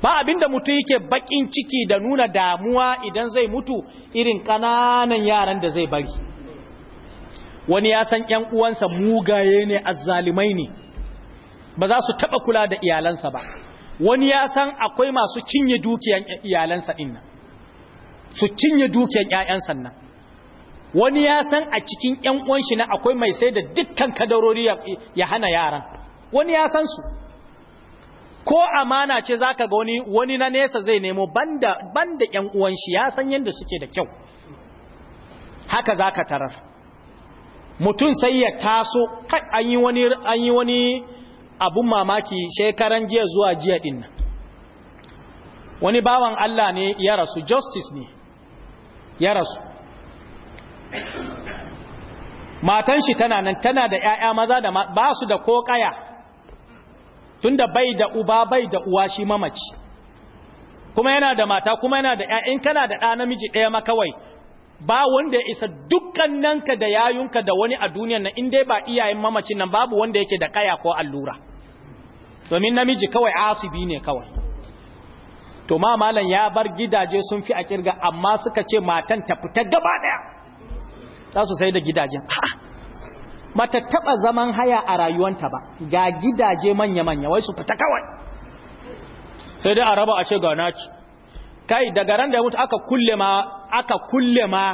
ba abinda mutum yake bakin ciki da nuna damuwa idan zai mutu irin kananan yaran da zai bari wani ya san ƴan uwansa mugaye ne azzalimai ne ba za su taba kula da iyalansa ba wani ya san akwai masu cinye dukiyan iyalansa dinna su cinye dukiyan ƴaƴansa nan wani ya san a cikin ƴan uwanshi shi na akwai mai sai da dukkan kadarori ya hana yaran wani ya san su ko amana ce zaka ga wani wani na nesa zai nemo banda banda ƴan uwan shi ya san yanda suke da kyau haka zaka tarar mutum sai ya taso kai an yi wani an abun mamaki shekaran jiya zuwa jiya din nan wani bawan Allah ne ya rasu justice ne ya rasu matan shi tana nan tana da yaya maza da ba su da ko kaya tunda bai da uba bai da uwa shi mamaci kuma yana da mata kuma yana da in kana da ɗa namiji ɗaya ma kawai ba wanda ya isa dukkananka da yayunka da wani a duniyar nan in dai ba iyayen mamacin nan babu wanda yake da kaya ko allura domin namiji kawai asibi ne kawai to ma malam ya bar gidaje sun fi a kirga amma suka ce matan ta fita gaba daya za su sai da gidajen ha bata taba zaman haya a rayuwanta ba ga gidaje manya-manya wai su fita kawai sai dai a raba a ce ga naci kai daga ran da ya mutu aka kulle ma aka kulle ma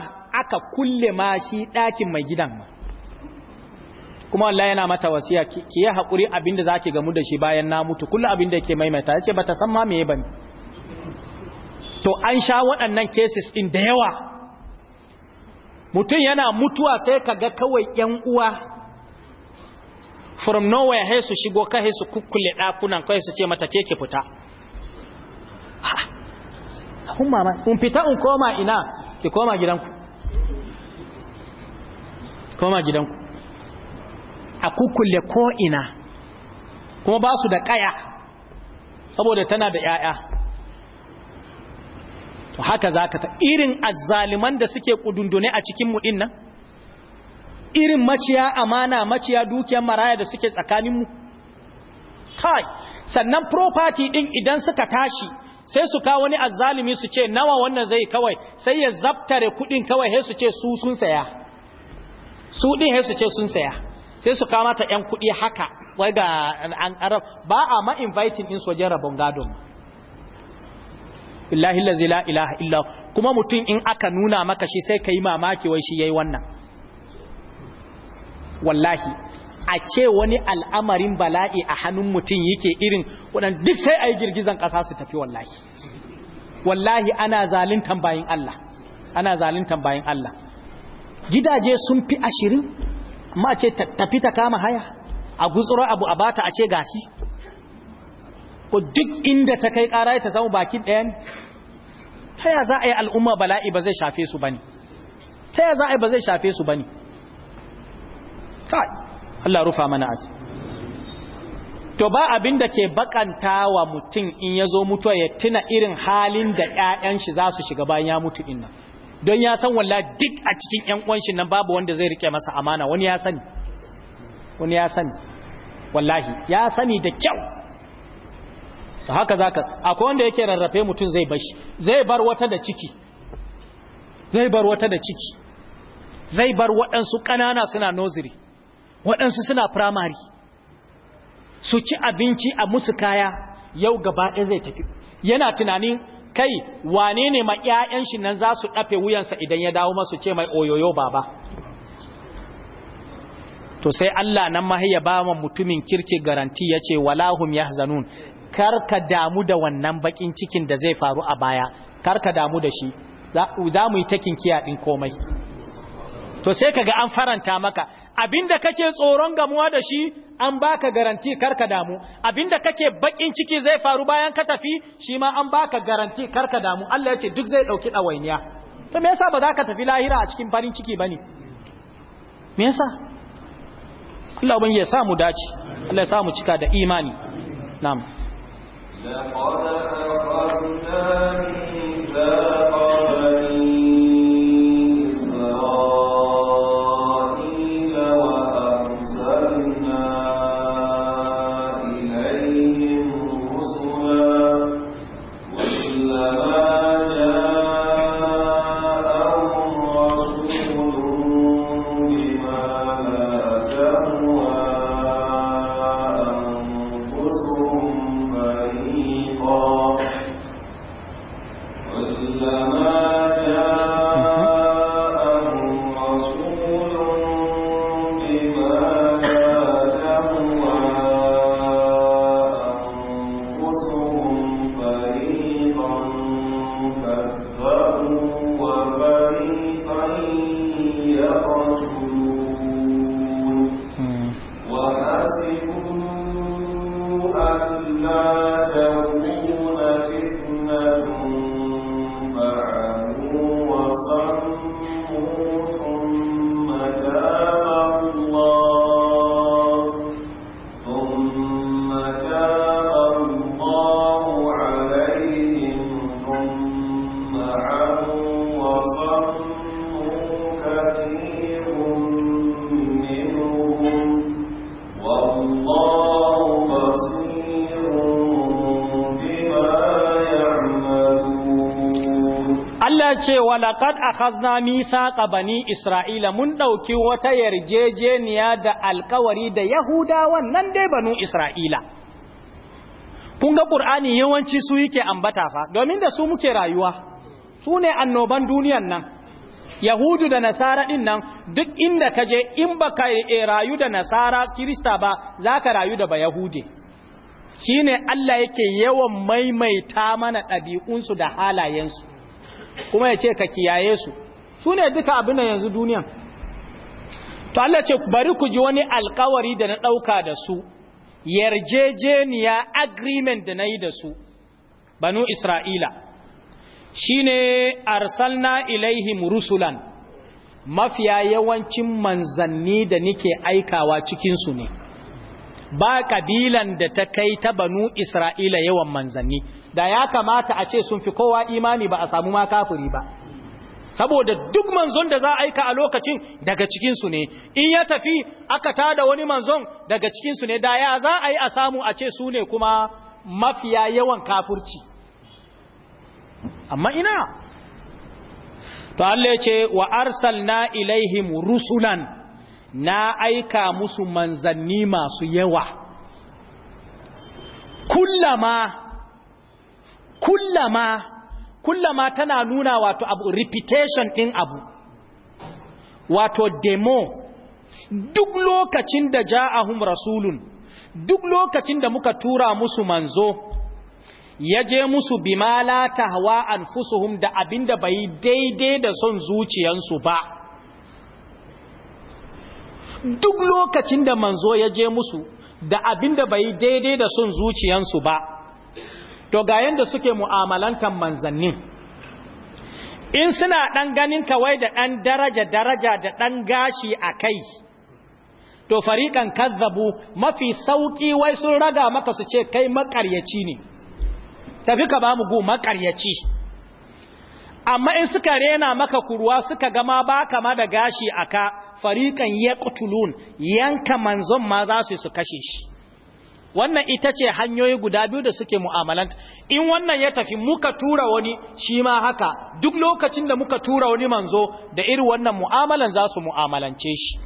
aka kulle ma shi ɗakin mai gidan ma kuma Allah yana mata wasiya ki yi hakuri abinda za ki gamu da shi bayan na mutu kullum abinda yake maimaita ya ce ba ta san ma meye ba ne to an sha waɗannan cases ɗin da yawa mutum yana mutuwa sai ka ga kawai ‘yan uwa from nowhere hai su shigo kai su kukkule ɗakunan kai su ce mata ke ke fita un fita un koma ina ki koma gidanku koma gidanku a kukkule ko ina kuma ba su da kaya saboda tana da ‘ya'ya to haka za ka ta irin azzaliman da suke kudundune a cikin mu ɗinnan irin maciya amana maciya dukiyar maraya da suke tsakaninmu kai sannan property din idan suka tashi sai su kawo wani azzalimi su ce nawa wannan zai kawai sai ya zaftare kudin kawai sai su ce su sun saya su din sai su ce sun saya sai su kama ta yan kuɗi haka wai ga an arab ba a ma inviting din su wajen rabon gadon billahi allazi la ilaha illa kuma mutum in aka nuna maka shi sai ka yi mamaki wai shi yayi wannan wallahi a ce wani al'amarin bala'i a hannun mutum yake irin waɗanda duk sai ayi girgizan ƙasa su tafi wallahi wallahi ana zaluntan bayin Allah ana zaluntan Allah gidaje sun fi ashirin Ma ce tafi ta kama haya a gutsuro abu a bata a ce gashi ko duk inda ta kai ƙara ta samu bakin ɗayan ta ya za a yi al'umma bala'i ba zai shafe su bane ta ya za a yi ba zai shafe su bane kai Allah rufa mana aji to ba abin da ke bakanta wa mutum in ya zo mutuwa ya tuna irin halin da ƴaƴan shi za su shiga bayan ya mutu din nan don ya san wallahi duk a cikin ƴan uwan shi nan babu wanda zai rike masa amana wani ya sani wani ya sani wallahi ya sani da kyau haka zaka akwai wanda yake rarrafe mutum zai bar shi. zai bar wata da ciki zai bar wata da ciki zai bar waɗansu ƙanana suna nursery waɗansu suna primary su ci abinci a musu kaya yau gaba ɗaya zai tafi yana tunanin kai wane ne ma 'ya'yan shi nan za su ɗafe wuyansa idan ya dawo masu ce mai oyoyo baba to sai Allah nan mahayya ba mutumin kirki garanti yace walahum yahzanun karka damu da wannan bakin cikin da zai faru a baya karka damu da shi za mu yi takin din komai to sai kaga an faranta maka abinda kake tsoron gamuwa da shi an baka garanti karka damu abinda kake bakin ciki zai faru bayan ka tafi shi ma an baka garanti karka damu Allah ya ce duk zai dauki dawainiya to me yasa ba za ka tafi lahira a cikin farin ciki bane me yasa Allah ubangi ya mu dace Allah ya mu cika da imani na'am لقد أخذنا ميثاق بني walaƙad a hazna mithaqa bani isra'ila mun ɗauki wata yarjejeniya da alkawari da yahudawan nan dai banu isra'ila kun ga ƙur'ani yawanci su yake ambata fa domin da su muke rayuwa su ne annoban duniyan nan yahudu da nasara ɗin nan duk inda ka je in ba ka eh, rayu da nasara kirista ba za ka rayu da ba yahude shi ne allah yake yawan maimaita mana ɗabi'unsu da halayensu kuma ya ce ka kiyaye su su ne duka abin da yanzu duniya. to Allah ce bari ku ji wani alkawari da na ɗauka da su yarjejeniya agreement da na yi da su banu isra'ila shi ne arsalna ilaihim rusulan mafiya yawancin manzanni da nike aikawa cikinsu ne ba kabilan da ta kai ta banu isra'ila yawan manzanni da ya kamata a ce sun fi kowa imani ba a samu ma kafiri ba saboda duk manzon da za a aika a lokacin daga cikinsu ne in ya tafi aka tada wani manzon daga cikinsu ne da ya za a yi a samu a ce su ne kuma mafiya yawan kafurci amma ina to Allah ce wa arsalna ilaihim rusulan na aika musu manzanni masu yawa kullama kullama kullama tana nuna wato abu repetition din abu wato demo duk lokacin da ja'ahum rasulun duk lokacin da muka tura musu manzo ya je musu bima la tahwa anfusuhum da abinda bai daidai da son zuciyansu ba duk lokacin da manzo ya je musu da abinda bai daidai da son zuciyansu ba to ga yanda suke mu'amalantan manzannin in suna ɗan ganin kawai da ɗan daraja-daraja da ɗan gashi a kai to fariƙan kazzabu mafi sauƙi wai sun raga maka su ce kai makaryaci ne tafi ka ba mu gu makaryaci amma in suka rena maka kuruwa suka gama ba kama da gashi aka ka fariƙan ya yanka manzon ma za su su kashe shi wannan ita ce hanyoyi guda biyu da suke mu'amalanta in wannan ya tafi muka tura wani shi ma haka duk lokacin da muka tura wani manzo da iri wannan mu'amalan za su mu'amalance shi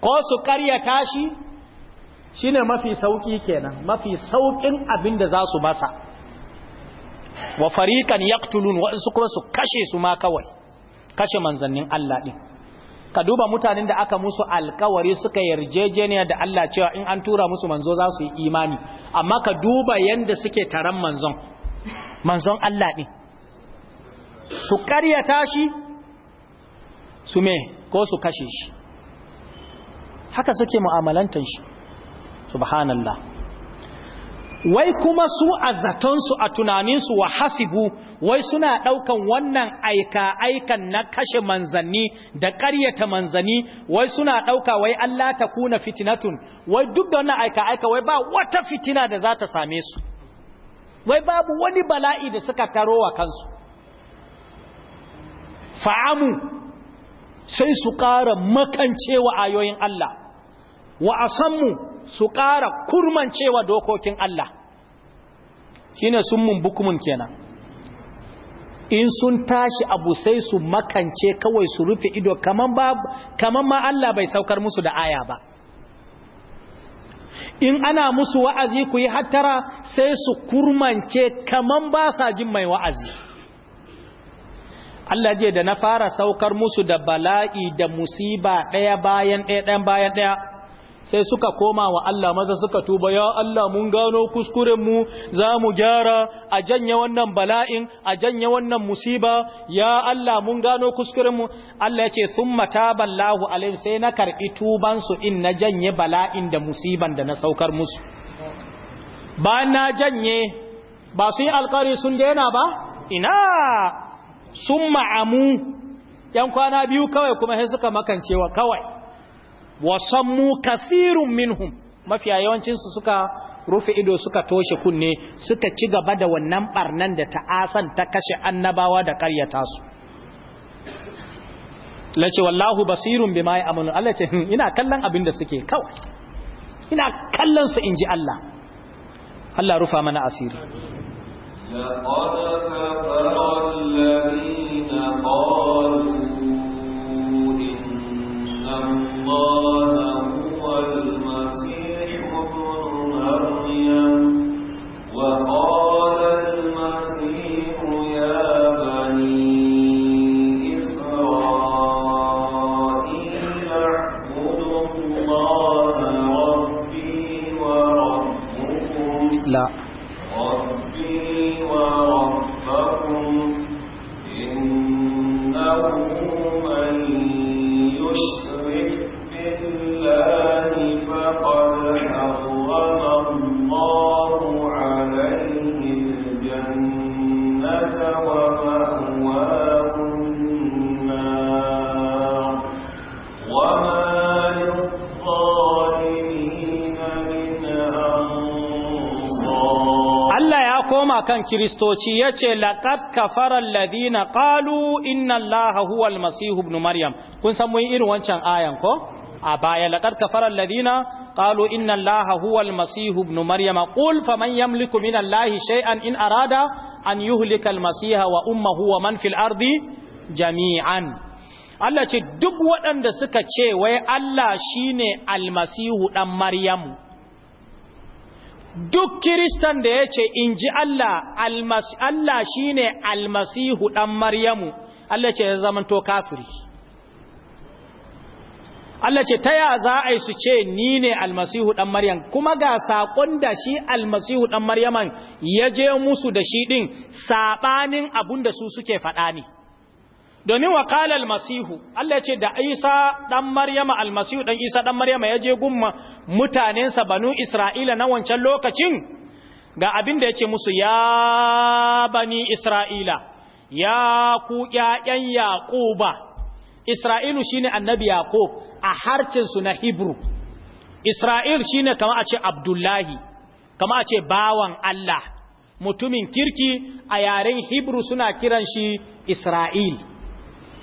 ko su karya tashi shi ne mafi sauƙi kenan mafi sauƙin abin da za su masa wa farikan yaktulun waɗansu kuma su kashe su ma kawai kashe manzannin Allah ɗin ka duba mutanen da aka musu alkawari suka yarjejeniya da Allah cewa in an tura musu manzo za su yi imani amma ka duba yanda suke taron manzon manzon Allah ne. su karya tashi su me ko su kashe shi haka suke mu'amalantar shi subhanallah wai kuma su a zatonsu a tunaninsu wa hasibu wai suna ɗaukan wannan aika-aikan na kashe manzanni da ƙaryata manzanni wai suna ɗauka wai Allah ta kuna fitinatun wai duk da wannan aika-aika wai ba wata fitina da za ta same su wai babu wani bala'i da suka taro wa kansu fa'amu sai su ƙara makancewa ayoyin Allah wa asammu su ƙara kurmancewa dokokin Allah shine summun bukumin kenan in sun tashi abu sai su makance kawai su rufe ido kaman ma Allah bai saukar musu da aya ba in ana musu wa'azi ku yi hattara sai su kurmance kaman ba sa jin mai wa'azi Allah je da na fara saukar musu da bala'i da musiba ɗaya bayan ɗaya bayan ɗaya sai suka koma wa Allah maza suka tuba ya Allah mun gano kuskuren mu za mu gyara a janye wannan bala'in a janye wannan musiba ya Allah mun gano kuskuren mu Allah ya ce thumma taballahu sai na karbi tubansu su in na janye bala'in da musiban da na saukar musu ba na janye ba su yi alkari sun daina ba ina sun ma'amu ‘yan kwana biyu kawai kuma sai suka makancewa kawai wasammu kathirun minhum mafiya yawancinsu suka rufe ido suka toshe kunne suka ci gaba da wannan barnan da ta'asan ta kashe annabawa da karyata su lace wallahu basirun bima ya'malun Allah ce hmm, ina kallon abin da suke kawai ina kallon su inji Allah Allah rufa mana asiri laqad kafara alladhi akan kiristoci yace laqad kafara ladina qalu inna allaha huwa almasih ibn maryam kun san mun irin wancan ayan ko a baya laqad kafara ladina qalu inna allaha huwa almasih ibn maryam qul faman yamliku min allahi shay'an in arada an yuhlika Masiha wa ummuhu wa man fil ardi jami'an Allah ce duk waɗanda suka ce wai Allah shine almasihu dan maryamu duk kiristan da ya ce in ji Allah Allah shi ne almasihu ɗan maryamu Allah ce ya zamanto kafiri Allah ce ta ya za a yi su ce ni ne almasihu ɗan maryam kuma ga saƙon da shi almasihu ɗan maryaman ya je musu da shi ɗin saɓanin abun da su suke faɗa ne domin wa Masihu? almasihu Allah ce da Isa dan Maryama almasihu dan Isa dan Maryama ya je gumma mutanensa banu Isra'ila na wancan lokacin ga abin da ce musu ya bani Isra'ila ya ku ƴaƴan Yaquba Isra'ilu shine annabi Yaqub a harcin su na Hebrew Isra'il shine kamar a ce Abdullahi kamar a ce bawan Allah mutumin kirki a yaren Hebrew suna kiran shi Isra'il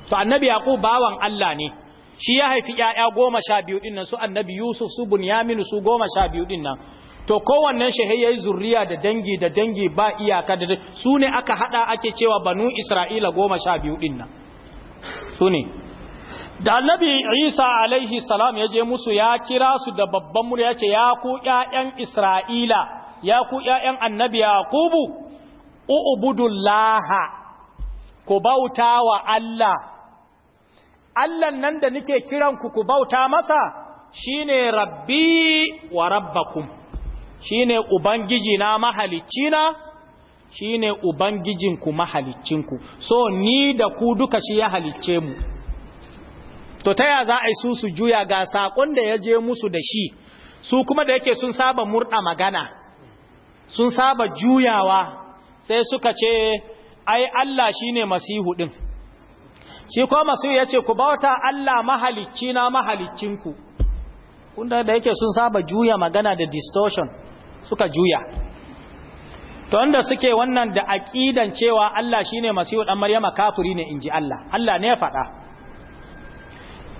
to annabi yaqub bawan Allah ne shi ya haifi yaya goma sha biyu din su annabi yusuf su bunyamin su goma sha biyu din to kowannen shahiyayi zurriya da dangi da dangi ba iyaka da su ne aka hada ake cewa banu isra'ila goma sha biyu din su ne da annabi isa alaihi salam ya je musu ya kira su da babban murya ce ya ku ƴaƴan isra'ila ya ku ƴaƴan annabi yaqubu u'budullaha ku bautawa allah Allahn nan da nike kiran ku ku bauta masa shine rabbi wa rabbakum shine ubangiji na mahalicina shine ubangijinku mahalicinku so ni da ku duka shi ya halicce mu to taya za a yi su su juya ga sakon da ya je musu da shi su kuma da yake sun saba murda magana sun saba juyawa sai suka ce ai Allah shine masihu ɗin. shi ko masu ya ce ku bauta Allah mahalicci na mahalicinku kunda da yake sun saba juya magana da distortion suka juya to wanda suke wannan da aƙidan cewa Allah shine Masihu dan Maryama kafiri ne inji Allah Allah ne ya faɗa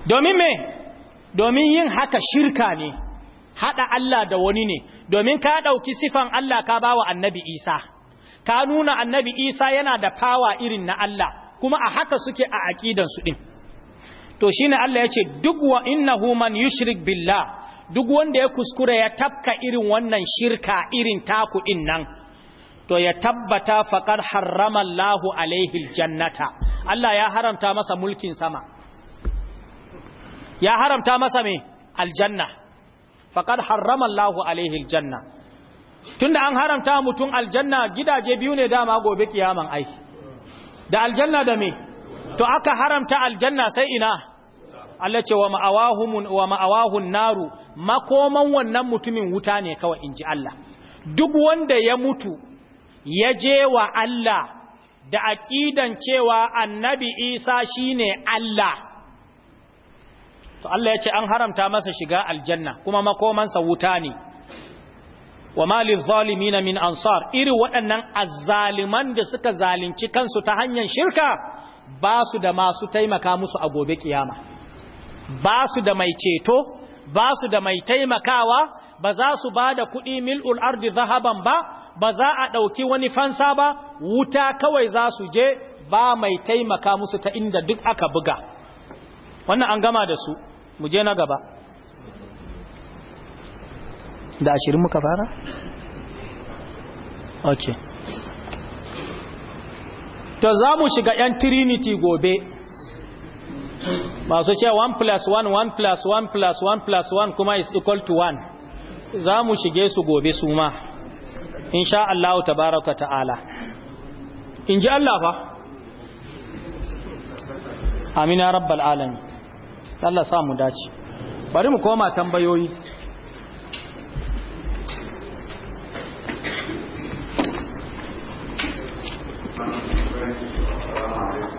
domin me domin yin haka shirka ne haɗa Allah da wani ne domin ka ɗauki sifan Allah ka bawa Annabi Isa ka nuna Annabi Isa yana da power irin na Allah kuma a haka suke a aƙidansu ɗin. to shine Allah ya ce duk wa innahu man yushrik billah duk wanda ya kuskura ya tafka irin wannan shirka irin taku din nan to ya tabbata faqad harrama Allahu alaihi aljannata Allah ya haramta masa mulkin sama ya haramta masa me aljanna faqad harrama Allahu alaihi aljanna tunda an haramta mutum aljanna gidaje biyu ne dama gobe kiyaman aiki. da aljanna da me to aka haramta aljanna sai ina Allah ce wa ma'awahumun wa ma'awahun naru makoman wannan mutumin wuta ne kawai inji Allah duk wanda ya mutu ya je wa Allah da aqidan cewa annabi Isa shine Allah to Allah ya ce an haramta masa shiga aljanna kuma makomansa wuta ne wa malil zalimina min ansar irin waɗannan azzaliman da suka zalunci kansu ta hanyar shirka ba su da masu taimaka musu a gobe kiyama ba su da mai ceto ba su da mai taimakawa ba za su ba da kuɗi mil'ul ardi zahaban ba ba za a ɗauki wani fansa ba wuta kawai za su je ba mai taimaka musu ta inda duk aka buga wannan an gama da su mu je na gaba da ashirin muka fara? ok to za mu shiga 'yan trinity gobe masu ce 1 plus 1 1 plus 1 plus 1 plus 1 kuma is equal to 1 za mu shige su gobe su ma insha Allah ta baraka ta'ala in ji Allah fa amina rabbal alami Allah samu dace bari mu koma tambayoyi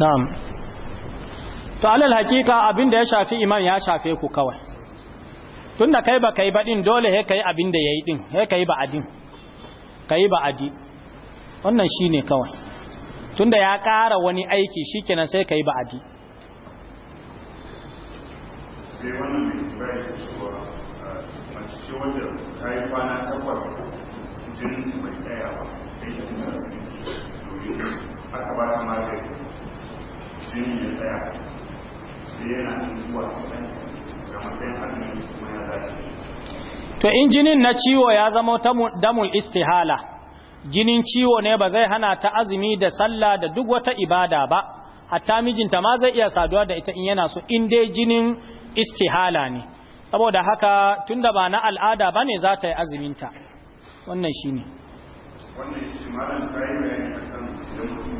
na'am to alal hakika abin da ya shafi imam ya shafe ku kawai tunda kai ba kai ba din dole he kai abin da yayi din he kai ba adin kai ba adi wannan shine kawai tunda ya ƙara wani aiki shikenan sai kai ba adi sai wannan ne bai cewa mace ce wanda ta yi kwana takwas ba ta jini ya tsaya sai yana zuwa ga matsayin ya zafi to in jinin na ciwo ya zama damul istihala jinin ciwo ne ba zai hana ta azumi da sallah da duk wata ibada ba hatta mijinta ma zai iya saduwa da ita in yana so in dai jinin istihala ne saboda haka tunda ba na al'ada ba ne za ta yi ta wannan shi ne wannan shi malam kayi bayani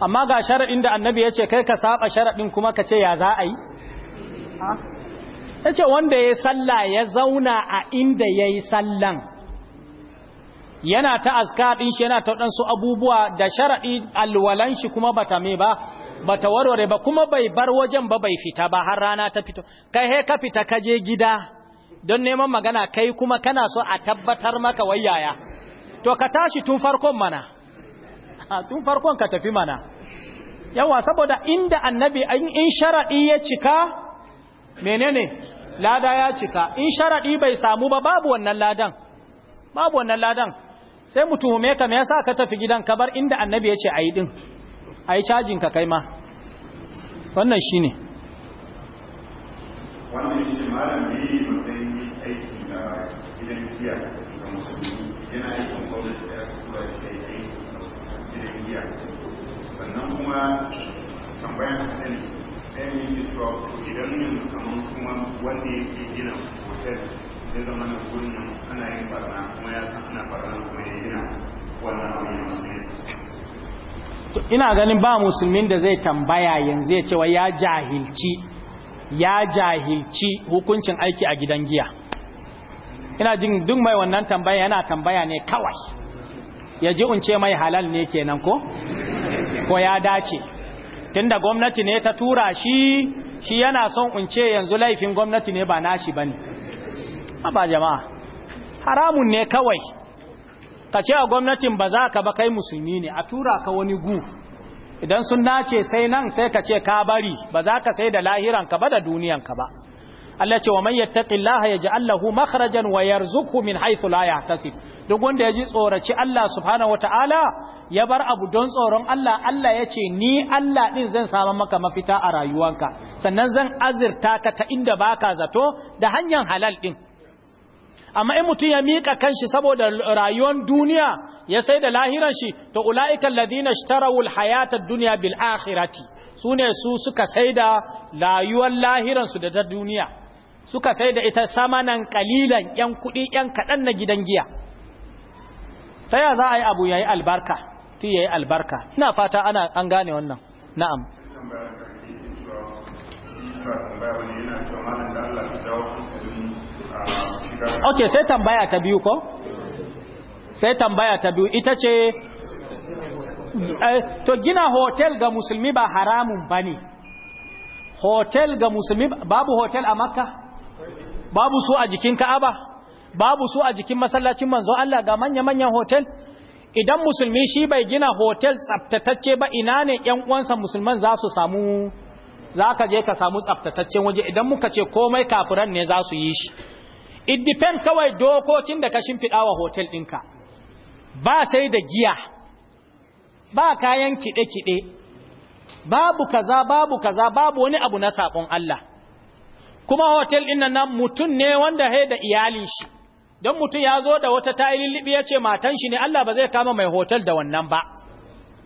amma ga sharaɗin da annabi ya ce kai ka saba sharaɗin kuma ka ce ya za a yi ya ce wanda ya salla ya zauna a inda ya yi sallan yana ta azkaɗin shi yana ta waɗansu abubuwa da sharaɗi alwalan shi kuma ba ta me ba ba ta warware ba kuma bai bar wajen ba bai fita ba har rana ta fito kai he ka fita ka je gida don neman magana kai kuma kana so a tabbatar maka wayaya to ka tashi tun farkon mana a tun farkon ka tafi mana yawa saboda inda annabi in sharaɗi ya cika menene lada ya cika in sharaɗi bai samu ba babu wannan ladan babu wannan ladan sai mutuhume ka me yasa ka tafi gidan ka bar inda annabi ya ce a yi ɗin a cajin ka kai ma wannan shi ne wannan shi malami matsayin aiki a gidan musulmi yana sannan kuma tambayan haka ne ɗaya ne yake cewa ko idan yanzu kamar kuma wanda yake gina hotel ya zama na gurin ana yin barna kuma ya san ana barna kuma ya gina wannan abu ya musulmi ina ganin ba musulmin da zai tambaya yanzu ya cewa ya jahilci ya jahilci hukuncin aiki a gidan giya ina jin duk mai wannan tambaya yana tambaya ne kawai ya ji unce mai halal ne kenan ko ko ya dace tunda gwamnati ne ta tura shi shi yana son unce yanzu laifin gwamnati ne ba nashi bane ba jama'a haramun ne kawai ka ce a gwamnatin ba za ka ba kai musulmi ne a tura ka wani gu idan sun nace sai nan sai ka ce ka bari ba za ka sai da lahiranka ba da duniyanka ba Allah ce wa man yattaqillaha yaj'al lahu makhrajan wa yarzuqhu min haythu la yahtasib duk wanda ya ji tsoraci Allah subhanahu wataala ya bar abu don tsoron Allah Allah ya ce ni Allah din zan samu maka mafita a rayuwanka sannan zan azirta ka ta inda baka zato da hanyar halal din amma in mutum ya miƙa kanshi saboda rayuwar duniya ya sai da lahirar shi to ula'ikan ladina shtarawul hayatar duniya bil akhirati su ne su suka sai da rayuwar lahiransu da ta duniya suka sai da ita samanan kalilan yan kudi yan kadan na gidan giya ta yaya za a yi abu ya yi albarka ti yi albarka ina fata ana an gane wannan na'am ok sai tambaya ta biyu ko sai tambaya ta biyu ita ce eh, to gina hotel ga musulmi ba haramun ba ne hotel ga musulmi babu hotel a makka babu su a jikin ka'aba babu su a jikin masallacin manzo Allah ga manya-manyan hotel idan musulmi shi bai gina hotel tsabtatacce ba ina ne ƴan uwansa musulman za su samu za ka je ka samu tsabtataccen waje idan muka ce komai kafiran ne za su yi shi it depend kawai dokokin da ka shimfiɗa wa hotel ɗinka ba sai da giya ba kayan kiɗe-kiɗe babu kaza babu kaza babu wani abu na saƙon Allah kuma hotel ɗin nan mutum ne wanda hai da iyalin shi don mutum ya zo da wata tayi lullubi ya ce matan shi ne Allah ba zai kama mai hotel da wannan ba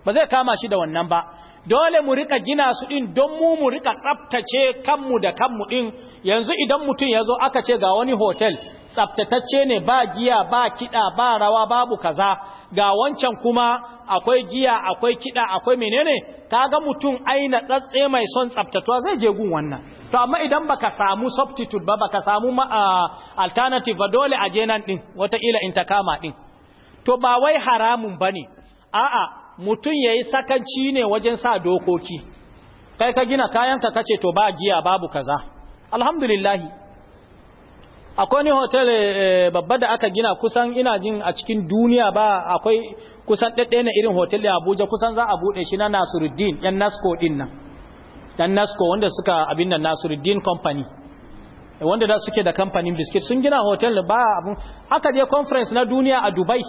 ba zai kama shi da wannan ba dole mu rika gina su ɗin don mu mu rika tsaftace kanmu da kanmu ɗin yanzu idan mutum ya zo aka ce ga wani hotel tsaftatacce ne ba giya ba kiɗa ba rawa babu kaza ga wancan kuma akwai giya akwai kiɗa akwai menene kaga mutum aina tsatse mai son tsaftatuwa zai je gun wannan to amma idan baka samu substitute ba baka samu alternative ba dole a je nan din wataƙila in ta kama din to ba wai haramun bane a'a mutum yayi sakanci ne wajen sa dokoki kai ka gina kayanka kace to ba giya babu kaza alhamdulillah akwai ni hotel eh, babba da aka gina kusan ina jin a cikin duniya ba akwai kusan ɗaɗɗe na irin hotel da abuja kusan za a buɗe shi na nasiruddin yan nasco ɗin nan yan nasco wanda suka abin da nasiruddin company eh, wanda da suke da kamfanin biskit sun gina hotel ba abin aka je conference na duniya a dubai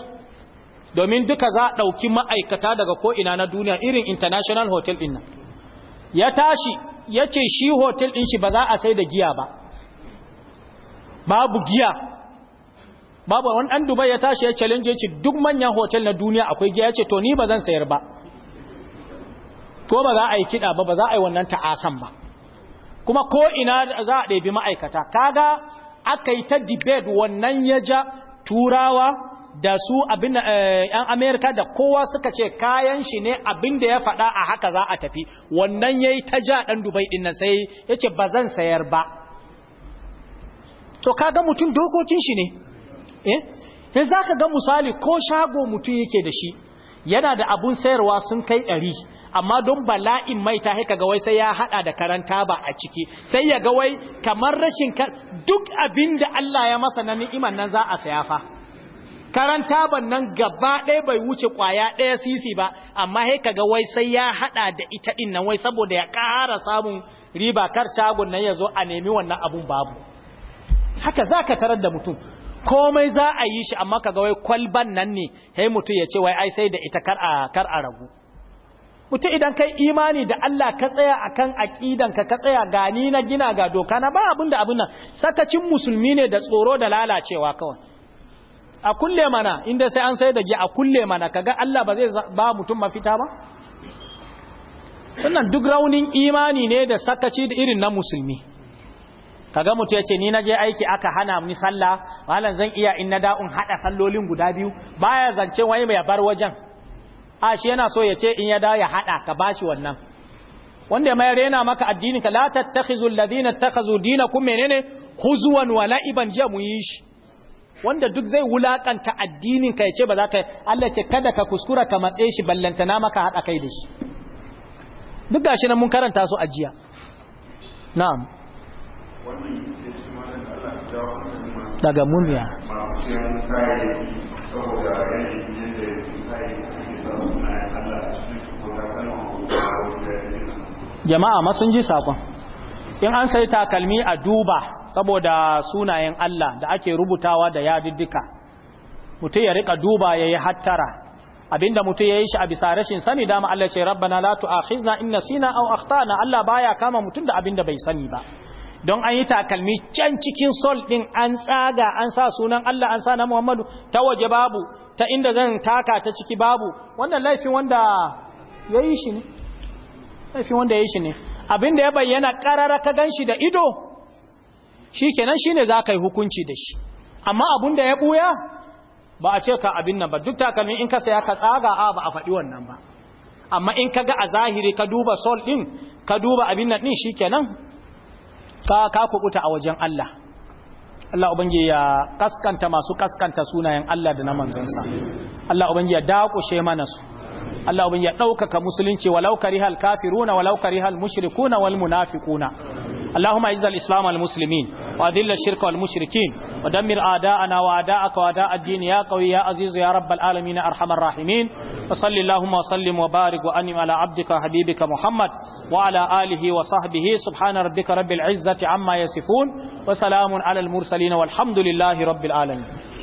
domin duka za a ɗauki ma'aikata daga ko'ina na duniya irin international hotel ɗin nan ya tashi ya ce shi hotel ɗin shi ba za a sai da giya ba babu giya babu wani ɗan dubai ya tashi ya challenge ya ce duk manyan hotel na duniya akwai giya ya ce to ni ba zan sayar ba ko ba za a yi kiɗa ba ba za a yi wannan ta'asan ba kuma ko ina za a ɗabi ma'aikata kaga aka yi ta debate wannan ya ja turawa da su abin eh, yan amerika da kowa suka ce kayan shi ne abin da ya faɗa a haka za a tafi wannan ya yi ta ja ɗan dubai ɗin nan sai ya ce ba zan sayar ba to kaga mutum dokokin shi ne eh yanzu zaka ga misali ko shago mutum yake da shi yana da abun sayarwa sun kai ɗari amma don bala'in mai ta haika ga wai sai ya haɗa da karanta ba a ciki sai ya ga wai kamar rashin kar duk abin da Allah ya masa na ni'iman nan za a saya fa karanta ban gaba ɗaya bai wuce kwaya ɗaya sisi ba amma haika ga wai sai ya haɗa da ita din nan wai saboda ya ƙara samun riba kar shagon nan yazo a nemi wannan abun babu haka za ka tarar da mutum komai za a yi shi amma kaga wai kwalban nan ne sai mutum ya ce wai ai sai da ita kar a kar a ragu mutum idan kai imani da Allah ka tsaya akan akidan ka ka tsaya gani na gina ga doka na ba abin da abin nan sakacin musulmi ne da tsoro da lalacewa kawai a kulle mana inda sai an sai da gi a kulle mana ga Allah ba zai ba mutum mafita ba wannan duk raunin imani ne da sakaci da irin na musulmi kaga mutu yace ni naje aiki aka hana ni sallah malan zan iya in na da'un hada sallolin guda biyu baya zance wani mai bar wajen a shi yana so yace in ya dawo ya hada ka bashi wannan wanda mayar yana maka addini ka la tattakhizu alladhina dinakum menene huzuwan wa la'iban jiya mu yi shi wanda duk zai wulakanta addinin ka yace ba za ka Allah ce kada ka kuskura ka matse shi ballantana maka hada kai da shi duk gashi nan mun karanta su ajiya na'am daga murya jama'a ma ji sakon in an sai takalmi a duba saboda sunayen Allah da ake rubutawa da yadiddika mutum ya rika duba ya yi hattara abinda mutum ya yi shi a bisa rashin sani dama Allah ce rabbana a tu'akhizna in sina aw akhtana Allah baya kama mutum da abinda bai sani ba don an yi takalmi can cikin sol ɗin an tsaga an sa sunan Allah an sa na Muhammadu ta waje babu ta inda zan taka ta ciki babu wannan laifin wanda ya yi shi ne laifin wanda ya yi shi ne abinda ya bayyana karara ka gan shi da ido shi kenan shi ne za ka yi hukunci da shi amma abin da ya buya, ba a ce ka abin nan ba duk takalmi in ka saya ka tsaga a ba a faɗi wannan ba amma in ka ga a zahiri ka duba sol ɗin ka duba abin nan ɗin shi kenan ka ka kubuta a wajen Allah Allah ubangi ya kaskanta masu kaskanta sunayen Allah da na manzonsa Allah ubangi ya dakushe mana su Allah ubangi ya daukaka musulunci walau karihal kafiruna walau karihal mushrikuna wal munafiquna izzal islam al muslimin وأذل الشرك والمشركين ودمر أعداءنا وأعداءك وأعداء الدين يا قوي يا عزيز يا رب العالمين أرحم الراحمين وصل اللهم وسلم وبارك وأنم على عبدك وحبيبك محمد وعلى آله وصحبه سبحان ربك رب العزة عما يصفون وسلام على المرسلين والحمد لله رب العالمين